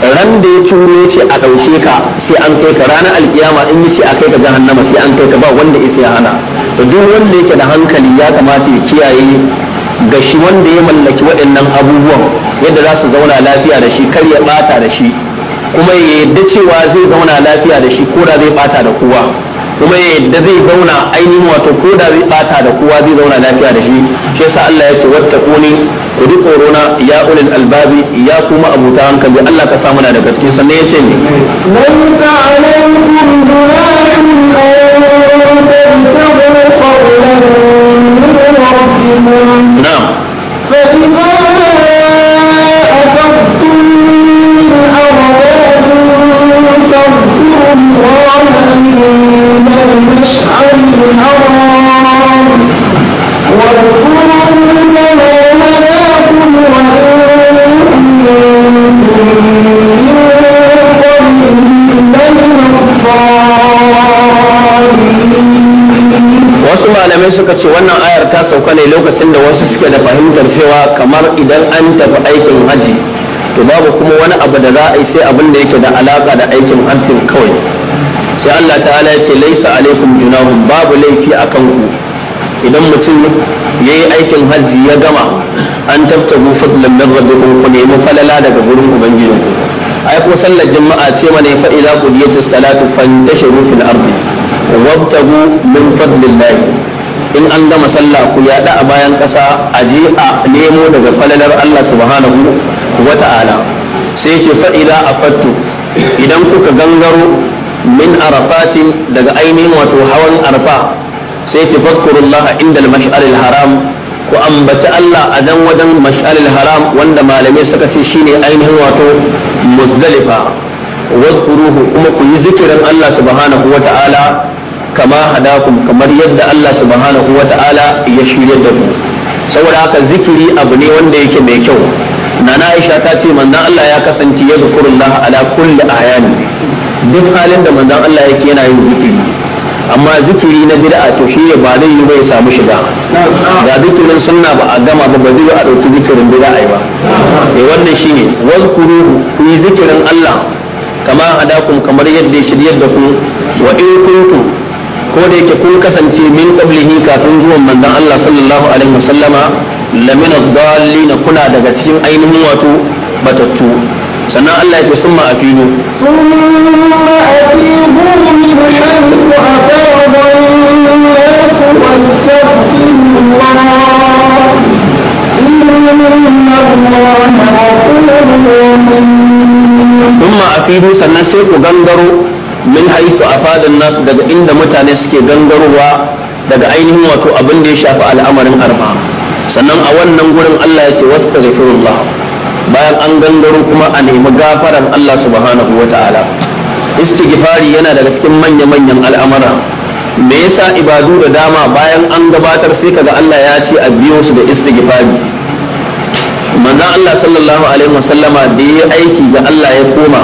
ran da ya turo ce a ɗauke ka sai an kai ka ranar alkiyama in ya ce a kai ka jahannama sai an kai ka ba wanda isa ya hana duk wanda yake da hankali ya kamata ya kiyaye ga shi wanda ya mallaki waɗannan abubuwan yadda za su zauna lafiya da shi kar ya ɓata da shi kuma ya yadda cewa zai zauna lafiya da shi ko da zai ɓata da kowa kuma ya yadda zai zauna ainihin wato ko da zai ɓata da kowa zai zauna lafiya da shi shi yasa Allah ya ce wattaquni ku ji tsorona ya ulil albabi ya kuma abuta hankali Allah ka samu na da gaske sannan ya ce ne laysa من المشعر الحرام malamai suka ce wannan ayar ta sauka ne lokacin da wasu suke da fahimtar cewa kamar idan an tafi aikin haji to babu kuma wani abu da za a yi sai abin da yake da alaka da aikin hajjin kawai sai Allah ta'ala ya ce laisa alaikum junahum babu laifi a kanku, idan mutum ya yi aikin hajji ya gama an tabtabu fadlan min rabbikum ku nemi falala daga gurin ubangijinku ai ko sallar juma'a ce mana fa idza qudiyatis salatu fantashiru fil ardi wabtagu min fadlillahi in an gama sallah ku yaɗa a bayan ƙasa a je a nemo daga falalar Allah subhanahu wa ta'ala sai ce fa'ida a fattu idan kuka gangaro min arafatin daga ainihin wato hawan arfa sai ce fadkurullah inda al-mash'aril haram ku ambaci Allah a dan wajen mash'aril haram wanda malamai suka ce shine ainihin wato muzdalifa wadkuruhu kuma ku yi zikirin Allah subhanahu wa ta'ala kama hadakum kamar yadda Allah subhanahu wa ta'ala ya shirya da ku saboda haka zikiri abu ne wanda yake mai kyau nana Aisha ta ce manzon Allah ya kasance ya zikrullah ala kulli ayani duk halin da manzon Allah yake yana yin zikiri amma zikiri na bid'a to shi ba zai yi ya samu shiga ga zikirin sunna ba a gama ba ba zai a dauki zikirin bid'a ba eh wannan shine wazkuru ku zikirin Allah kama hadakum kamar yadda ya shiryar da ku wa in kuntum ko da yake kun kasance min qablihi kafin zuwan manzon Allah sallallahu alaihi wasallama lamin ad-dallin kuna daga cikin ainihin wato batattu sannan Allah ya summa afinu summa afinu min haythu afada an-nas ثم أفيدوا سنة سيكو min haisu afadan nasu daga inda mutane suke gangarowa daga ainihin wato abin da ya shafi al'amarin arfa sannan a wannan gurin Allah ya ce wastaghfirullah bayan an gangaro kuma a nemi gafaran Allah subhanahu wata'ala istighfari yana daga cikin manya-manyan al'amara me yasa ibadu da dama bayan an gabatar sai kaga Allah ya ce a biyo su da istighfari manzon Allah sallallahu alaihi wasallama da ya aiki ga Allah ya koma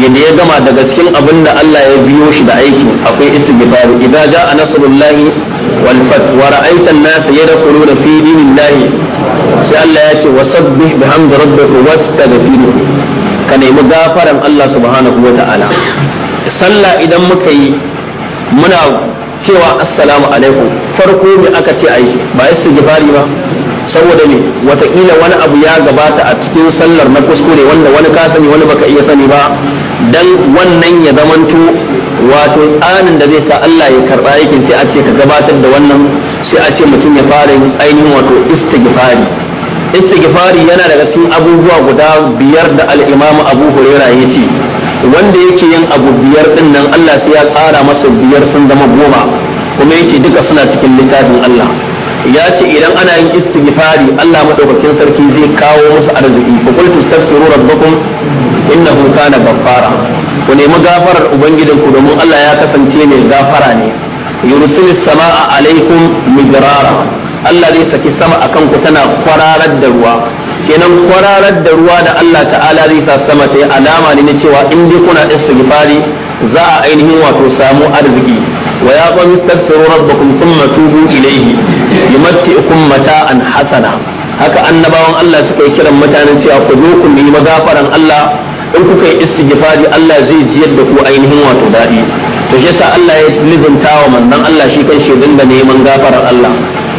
yadda ya gama daga cikin abin da Allah ya biyo shi da aiki akwai istighfaru idza jaa nasrullahi wal fath wa ra'aita an-nas yadkhuluna fi dinillahi sai Allah ya ce wasabbih bihamdi rabbika wastaghfiru ka nemi gafaran Allah subhanahu wa ta'ala sallah idan muka yi muna cewa assalamu alaikum farko ne aka ce ai ba istighfari ba saboda ne watakila wani abu ya gabata a cikin sallar na kuskure wanda wani ka sani wani baka iya sani ba dan wannan ya zamanto wato tsarin da zai sa Allah ya karba yakin sai a ce ka gabatar da wannan sai a ce mutum ya fara yin ainihin wato istighfari istighfari yana daga cikin abubuwa guda biyar da al-Imam Abu huraira ya ce wanda yake yin abu biyar din nan Allah sai ya tsara masa biyar sun zama goma kuma yake duka suna cikin littafin Allah ya ce idan ana yin istighfari Allah madaukakin sarki zai kawo musu arziki fa qultu astaghfiru rabbakum innahu kana ghaffara ku nemi gafarar ubangijin ku domin Allah ya kasance mai gafara ne yursilis sama'a alaikum midrara Allah zai saki sama akan ku tana kwararar da ruwa kenan kwararar da ruwa da Allah ta'ala zai sa sama ta yi alama ne na cewa in dai kuna istighfari za a ainihin wato samu arziki wa ya qul istaghfiru rabbakum thumma tubu ilayhi yumatti'ukum mata'an hasana haka annabawan Allah suka yi kiran mutanen cewa ku zo ku nemi gafaran Allah in kuka yi istighfari Allah zai ziyar da ku ainihin wato daɗi to shi yasa Allah ya nizumta wa manzon Allah shi kan shi dinga neman gafarar Allah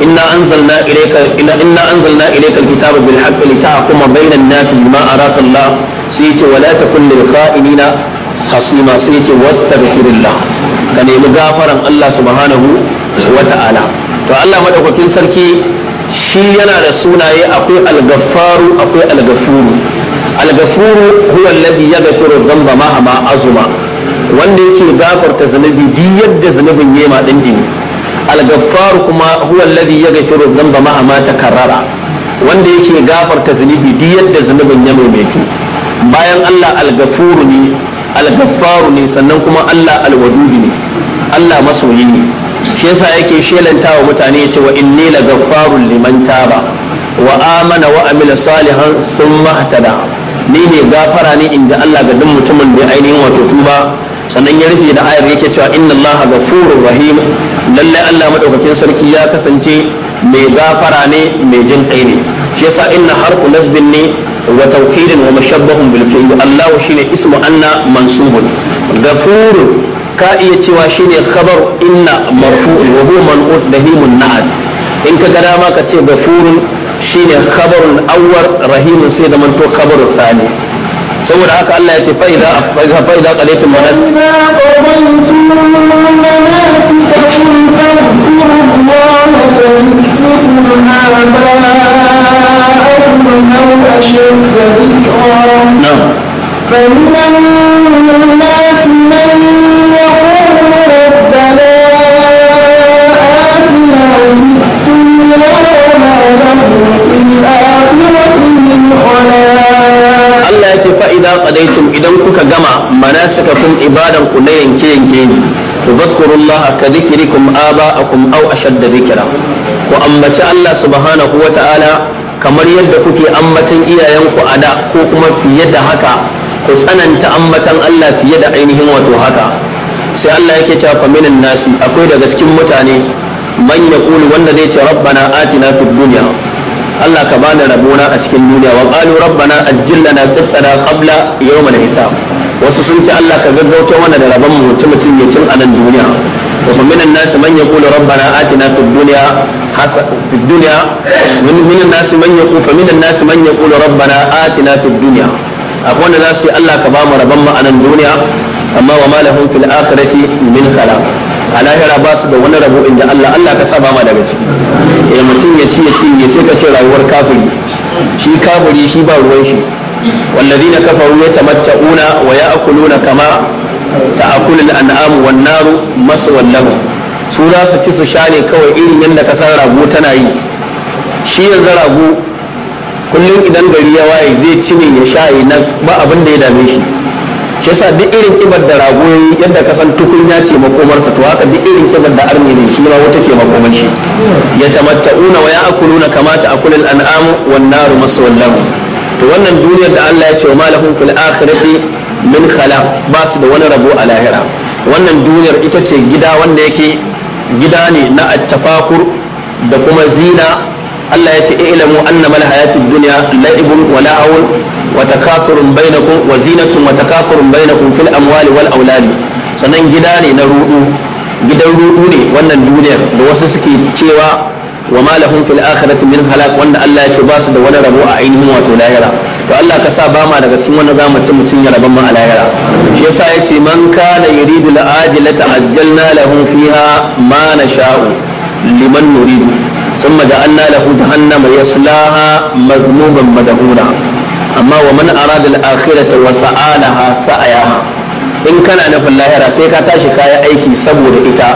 inna anzalna ilayka inna anzalna ilayka alkitaba bil haqqi litahkuma bainan nas bima araka Allah sai ce wala takun lil kha'inina hasima sai ce wastaghfirillah ka nemi gafaran Allah subhanahu wa ta'ala to Allah madaukakin sarki shi yana da sunaye akwai al akwai al-ghafuru al-ghafuru huwa alladhi yaghfiru dhanba ma azuma wanda yake gafarta zunubi duk yadda zunubin yayi ma dindini al-ghaffar kuma huwa alladhi yaghfiru dhanba ma ma takarrara wanda yake gafarta zunubi duk yadda zunubin ya maimaiti bayan Allah al-ghafuru ne al ne sannan kuma Allah al ne Allah masoyi ne shi yasa yake shelanta wa mutane ya ce wa inni la gaffarun liman taba wa amana wa amila salihan sun mahtada ni ne gafara ne in Allah ga duk mutumin da ainihin wato tuba sannan ya rufe da ayar yake cewa inna Allah ghafurur rahim lalle Allah madaukakin sarki ya kasance mai gafara ne mai jin kai ne shi yasa inna harfu nasbin ne wa tawkidin wa mashabbahun bil fi'l Allah shine ismu anna mansubun ghafur ka iya cewa shine khabar inna marfu' wa huwa man'ut dahimun na'at in ka ga dama ka ce ghafurun shine khabarul awwal rahimun sai da manto khabarul sani saboda haka Allah ya ce fa idza fa idza qalaytum manas فمن الناس من idza qadaytum idan kuka gama manasikakum ibadan ku na yanke yanke ku fadkurullaha ka dhikrikum aba'akum aw ashadda dhikra ku ambaci Allah subhanahu wa ta'ala kamar yadda kuke ambatan iyayenku a da ko kuma fiye da haka ku tsananta ambatan Allah fiye da ainihin wato haka sai Allah yake cewa fa minan nasi akwai daga cikin mutane man yaqulu wanda zai ce rabbana atina fid dunya Allah ka bani rabona a cikin duniya wa qalu rabbana ajjilna qitana qabla yawm al-hisab wasu sun ce Allah ka gaggauto mana da rabon mutum mutum ya cin a nan duniya wa minan nas man yaqulu rabbana atina fid dunya في الدنيا من من الناس من atina فمن الناس Akwai wanda za su yi Allah ka الناس الله كبام ربما أنا الدنيا أما وما لهم في الآخرة من خلاق a lahira ba su da wani rabo inda Allah Allah ka saba ma daga ciki eh mutum ya ci ya ci ya sai ka ce rayuwar kafiri shi kafiri shi ba ruwan shi والذين كفروا يتمتعون ويأكلون كما تأكل الأنعام والنار مسوى لهم su za su ci su sha ne kawai irin yadda kasar rago tana yi shi yanzu rago kullum idan gari ya waye zai ci ne ya sha nan ba abin da ya dame shi shi yasa duk irin kibar da rago yadda ka san tukunya ce makomarsa to haka duk irin kibar da arni ne shi wata ce makomar shi ya tamatta'una wa ya'kuluna kama ta'kulu al-an'amu wan naru masawal to wannan duniyar da Allah ya ce wa malahum fil akhirati min khalaq ba su da wani rabo a lahira wannan duniyar ita ce gida wanda yake gida ne na attafakur da kuma zina Allah ya ce ilamu anna mal hayatid dunya la'ibun wa la'awun وتكاثر بينكم وزينة وتكاثر بينكم في الأموال والأولاد sannan gida ne na rudu gidan rudu ne wannan duniyar da wasu suke cewa wa malahum fil akhirati min halak wanda Allah ce ba su da wani rabo a ainihin wato lahira to Allah ka sa ba ma daga cikin za zamu ci mutun ya rabon mu a lahira shi yasa yace man kana yuridu al ajilata ajjalna lahu fiha ma nasha'u liman nuridu ثم جعلنا له جهنم يصلاها مذموما مدحورا amma wa man arada al-akhirata wa sa'alaha sa'aya in kana nufin lahira sai ka tashi kayan aiki saboda ita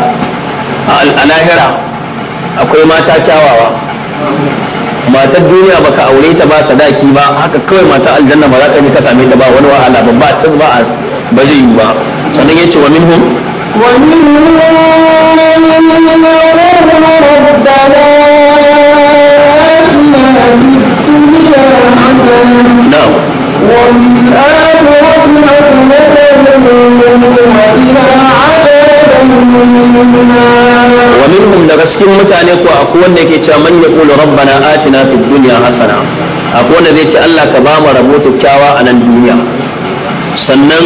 a lahira akwai mata kyawawa matar duniya baka aure ta ba sadaki ba haka kawai mata aljanna ba za ka ka same ta ba wani wahala ba ba tun ba ba zai yi ba sannan yace wa minhum wa minhum نعم. ومنهم لغسكين متعنيك وأقوانك من يقول ربنا آتنا في الدنيا حسنة أقوان ذي تألا كباما ربوت الكاوى أنا الدنيا سنن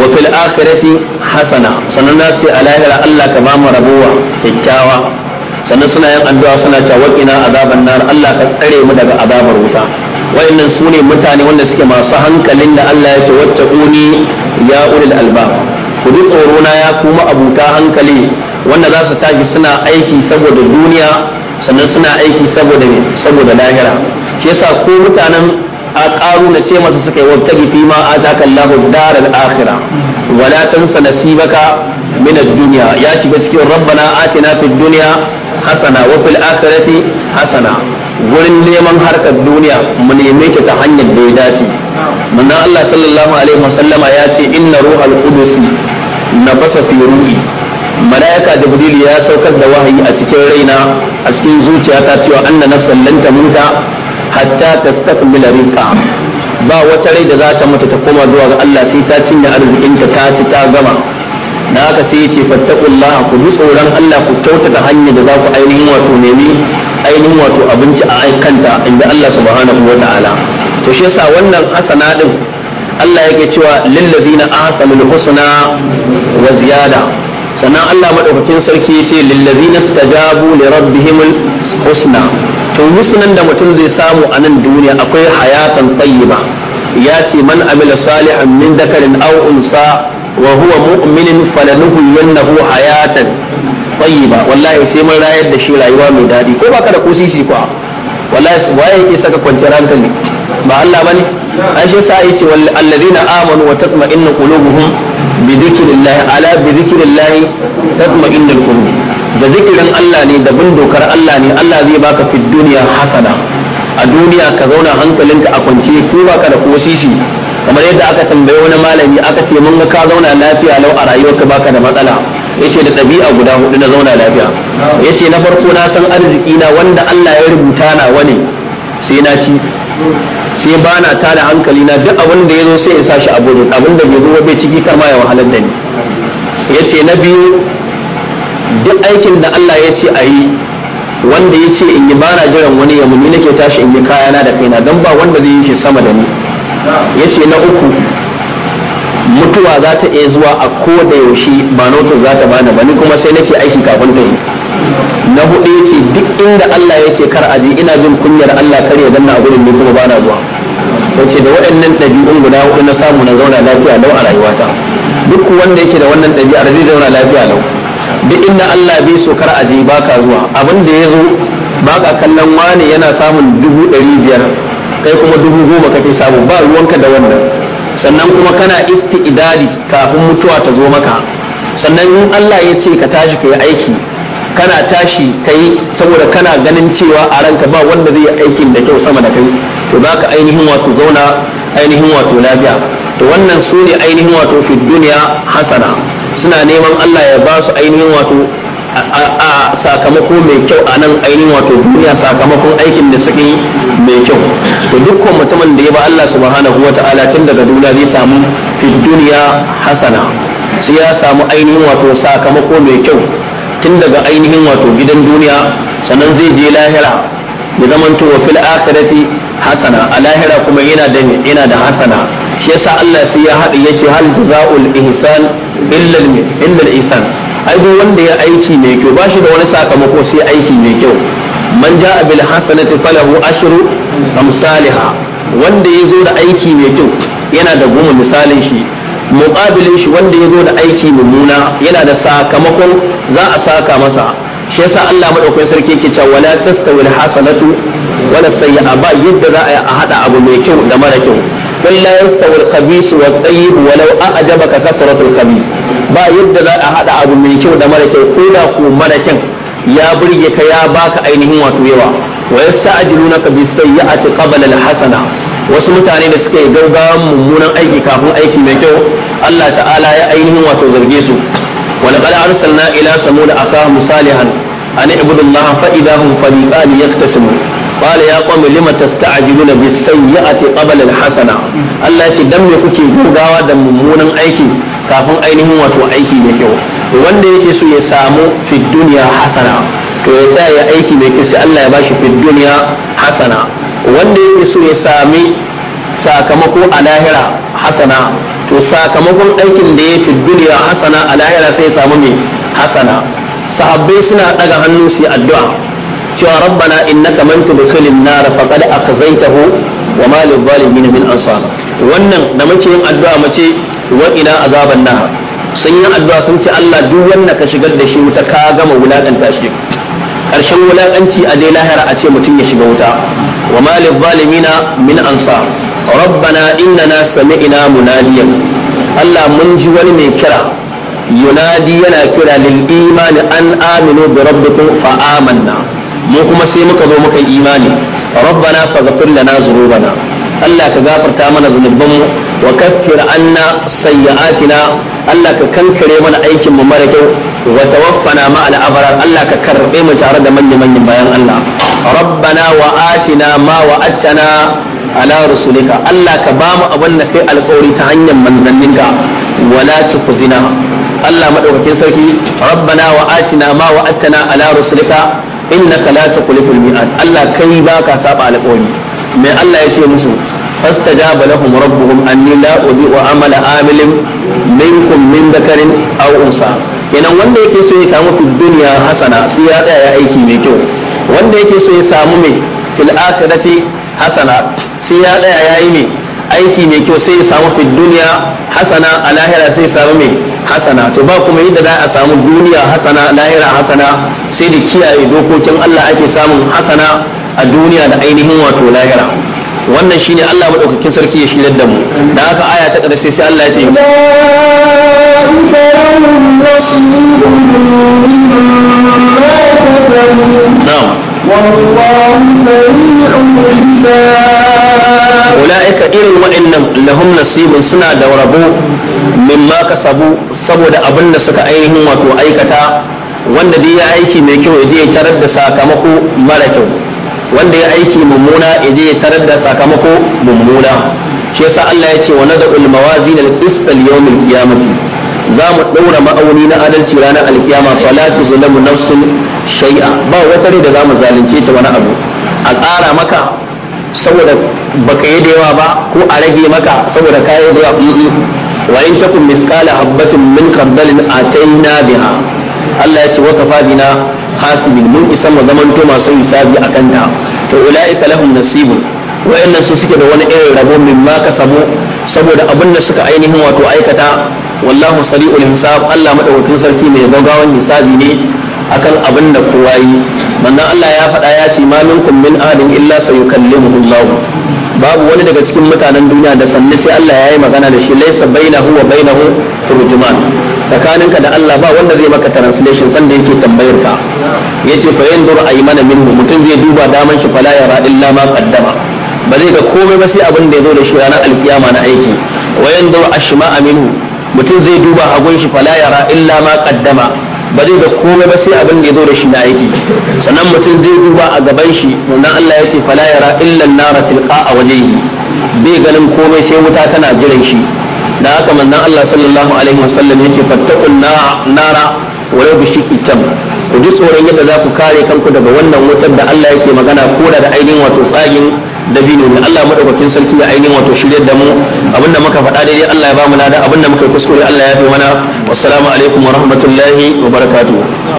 وفي الآخرة حسنة سنن ناسي ألاهر ألا كباما ربوت الكاوى sannan suna yin addu'a suna cewa waqina azaban nan. Allah ka tsare mu daga azabar wuta wayannan su ne mutane wanda suke masu hankalin da Allah ya ce wattaquni ya ulil alba? ku bi tsoro na ya kuma abuta hankali wanda za su tafi suna aiki saboda duniya sannan suna aiki saboda ne saboda lahira shi yasa ko mutanen a ƙaru na ce masa suka yi wattaqi fi ma ataka Allahu daral akhirah wala tansa nasibaka min ad-dunya ya shiga cikin rabbana atina fid dunya hasana wa fil akhirati hasana gurin neman harkar duniya mu neme ki ta hanyar da ya dace manzon Allah sallallahu alaihi wasallama ya ce inna ruhal qudus nafasa fi ruhi malaika jibril ya saukar da wahayi a cikin raina a cikin zuciyata cewa anna nafsan lan tamuta hatta tastakmila rizqa ba wata rai da za ta mutu ta koma zuwa ga Allah sai ta cinye arzikinta ta ci ta gama na haka sai yace fattaqullaha ku bi tsoron Allah ku kyautata hanyar da za ku ainihin wato nemi ainihin wato abinci a aikanta inda Allah subhanahu wa ta'ala to shi yasa wannan hasana din Allah yake cewa lillazina ahsanul husna wa ziyada sannan Allah madaukakin sarki yace lillazina na li rabbihimul husna to husnan da mutum zai samu a nan duniya akwai hayatan tayyiba ya ce man amila salihan min dakarin aw unsa wa huwa mu'minin falanuhyiyannahu hayatan tayyiba wallahi sai mun rayar da shi rayuwa mai dadi ko baka da kusisi kuwa wallahi waye yake saka kwanciyar hankali ba Allah bane an shi sa yace wal alladhina amanu wa tatma'innu qulubuhum bi dhikrillah ala da zikirin Allah ne da bin dokar Allah ne Allah zai baka fi duniya hasana a duniya ka zauna hankalinka a kwance ko baka da kusisi kamar yadda aka tambaye wani malami aka ce mun ga ka zauna lafiya lau a ka baka da matsala yace da ɗabi'a guda hudu na zauna lafiya yace na farko na san arziki na wanda Allah ya rubuta na wani sai na ci sai ba na tare hankali na duk abin da ya sai in sa a gudu abin da bai zo bai ciki kar ma ya wahalar da ni yace na biyu duk aikin da Allah ya ce a yi wanda ya in yi bana jiran wani ya muni nake tashi in yi kayana da kaina dan ba wanda zai yi shi sama da ni yace na uku mutuwa za ta iya zuwa a koda yaushe ba notar za ta bani ba ni kuma sai nake aiki kafin ta yi na hudu yace duk inda Allah yace kar aje ina jin kunyar Allah kar ya danna a gurin ne kuma bana zuwa wace da waɗannan ɗabi'un guda hudu na samu na zauna lafiya lau a rayuwata duk wanda yake da wannan ɗabi'ar zai zauna lafiya lau duk inda Allah bai so kar ba baka zuwa abin da ya zo baka kallon wani yana samun dubu ɗari biyar kai kuma dubu goma ka fi samu ba ruwanka da wannan sannan kuma kana isti'dadi kafin mutuwa ta zo maka sannan in Allah ya ce ka tashi ka yi aiki kana tashi ka yi saboda kana ganin cewa a ranka ba wanda zai yi aikin da kyau sama da kai to za ka ainihin wato zauna ainihin wato lafiya to wannan su ne ainihin wato fi duniya hasana suna neman Allah ya ba su ainihin wato a sakamako mai kyau a nan ainihin wato duniya sakamakon aikin da suke mai kyau to dukkan mutumin da ya ba Allah subhanahu wata'ala tun daga duniya zai samu fi duniya hasana sai ya samu ainihin wato sakamako mai kyau tun daga ainihin wato gidan duniya sannan zai je lahira ya zamanto wa fil akhirati hasana a lahira kuma yana da yana da hasana shi yasa Allah sai ya haɗa yace hal jazaul ihsan illa al ihsan ai duk wanda ya aiki mai kyau ba shi da wani sakamako sai aiki mai kyau man ja'a bil hasanati falahu ashru amsalha wanda ya zo da aiki mai kyau yana da goma misalin shi muqabilin shi wanda ya zo da aiki mummuna yana da sakamakon za a saka masa shi yasa Allah madaukakin sarki yake cewa wala tastawil hasanatu wala sayyi'a ba yadda za a hada abu mai kyau da mara kyau قل لا يستوي الخبيث والطيب ولو أعجبك كثرة الخبيث ba yadda za a haɗa abu mai kyau da mara kyau ko da ko mara kyan ya burge ka ya baka ainihin wato yawa wa ka bi sayyiati qabla al-hasana wasu mutane da suka yi gaugawan mummunan aiki kafin aiki mai kyau Allah ta'ala ya ainihin wato zarge su ولقد أرسلنا إلى ila أخاهم صالحا أن اعبدوا الله فإذا هم فريقان يختصمون قال يا قوم لم تستعجلون بالسيئة قبل الحسنة الله يتدمر كوكي غوغاوا دم ممونا أيكي kafin ainihin wato aiki mai kyau wanda yake so ya samu fi duniya hasana to ya sa ya aiki mai kyau sai Allah ya bashi fi duniya hasana wanda yake so ya sami sakamako a lahira hasana to sakamakon aikin da ya fi duniya hasana a lahira sai ya samu mai hasana sahabbai suna daga hannu su addu'a cewa rabbana innaka man tudkhilin nar faqad akhzaytahu wa ma lil zalimin min ansar wannan da muke yin addu'a mace wa ina azaban nahar sun yi addu'a sun ce Allah duk wanda ka shigar da shi wuta ka gama wulakanta shi karshen wulakanci a dai lahira a ce mutum ya shiga wuta wa ma lil zalimina min ansar rabbana innana sami'na munadiyan Allah mun ji wani mai kira yunadi yana kira lil imani an aminu bi rabbikum fa amanna mu kuma sai muka zo muka imani rabbana faghfir lana dhunubana Allah ka gafarta mana mu. wa kaffir anna sayyi'atina Allah ka kankare mana aikin mu mara kyau wa tawaffana ma al abrar Allah ka karbe mu tare da manyan manyan bayan Allah rabbana wa atina ma wa'adtana ala rusulika Allah ka ba mu abin da kai alƙawari ta hanyar manzanninka wala tukuzina Allah madaukakin sarki rabbana wa atina ma attana ala rusulika innaka la tuqliful mi'ad Allah kai ba ka saba alƙawari mai Allah ya ce musu فاستجاب لهم ربهم أني لا أضيء عمل عامل منكم من ذكر أو أنثى kenan wanda yake so ya samu fi duniya hasana sai ya tsaya aiki mai kyau wanda yake so ya samu mai fil akhirati hasana sai ya tsaya yayi mai aiki mai kyau sai ya samu fi duniya hasana a lahira sai ya samu mai hasana to ba kuma yadda za a samu duniya hasana lahira hasana sai da kiyaye dokokin Allah ake samun hasana a duniya da ainihin wato lahira wannan shine Allah madaukakin sarki ya shirar da mu da haka aya ta ƙarshe sai Allah ya ce ula'ika irin wa'annan lahum nasibin suna da rabo mimma saboda abin da suka ainihin wato aikata wanda dai ya aiki mai kyau ya je ya tarar da sakamako mara kyau wanda ya aiki mummuna ya je ya tarar da sakamako mummuna shi yasa Allah ya ce wa nadul mawazin al-qist al-yawm al-qiyamati za mu daura ma'auni na adalci ranar alkiyama fala tuzlamu nafsun shay'a ba wata da za mu zalunce ta wani abu a tsara maka saboda baka yi da yawa ba ko a rage maka saboda kayi da yawa وإن تكن مثقال حبة من خردل Allah بها الله يتوكى فادنا Hasibi mun isa mu zamanto masu hisabi a kanta to ula'ika lahum nasibun wa'annan su suke da wani irin rabo mimma saboda abin da suka ainihin wato aikata wallahu sari'ul hisab Allah madaukakin sarki mai gaggawan hisabi ne akan abin da kowa yi manzon Allah ya faɗa ya ce ma minkum min ahadin illa sayukallimuhu Allah babu wani daga cikin mutanen duniya da sanne sai Allah ya yi magana da shi laysa bainahu wa bainahu turjuman tsakaninka da Allah ba wanda zai maka translation sanda yake tambayar ka Ya ce fa a yanzur aymana minhu mutum zai duba daman shi fala yara illa ma kaddama ba zai ga komai ba sai abin da ya zo da shi ranar alkiyama na aiki wa shima a minhu mutum zai duba hagun shi fala yara illa ma kaddama ba zai ga komai ba sai abin da ya zo da shi na aiki sannan mutum zai duba a gaban shi wannan Allah ya yace fala yara illa an a waje wajhihi bai ganin komai sai wuta tana jiran shi da haka manzon Allah sallallahu alaihi wasallam yace fattaqun nara wala bishiki tamr ku ji tsoron yadda za ku kare kanku daga wannan wutar da Allah yake magana ko da ainihin wato tsagin dabino ne Allah madaukakin sarki ya ainihin wato shiryar da mu abinda muka faɗa daidai Allah ya ba mu lada abinda muka kuskure Allah ya fi mana wassalamu alaikum wa rahmatullahi wa barakatuh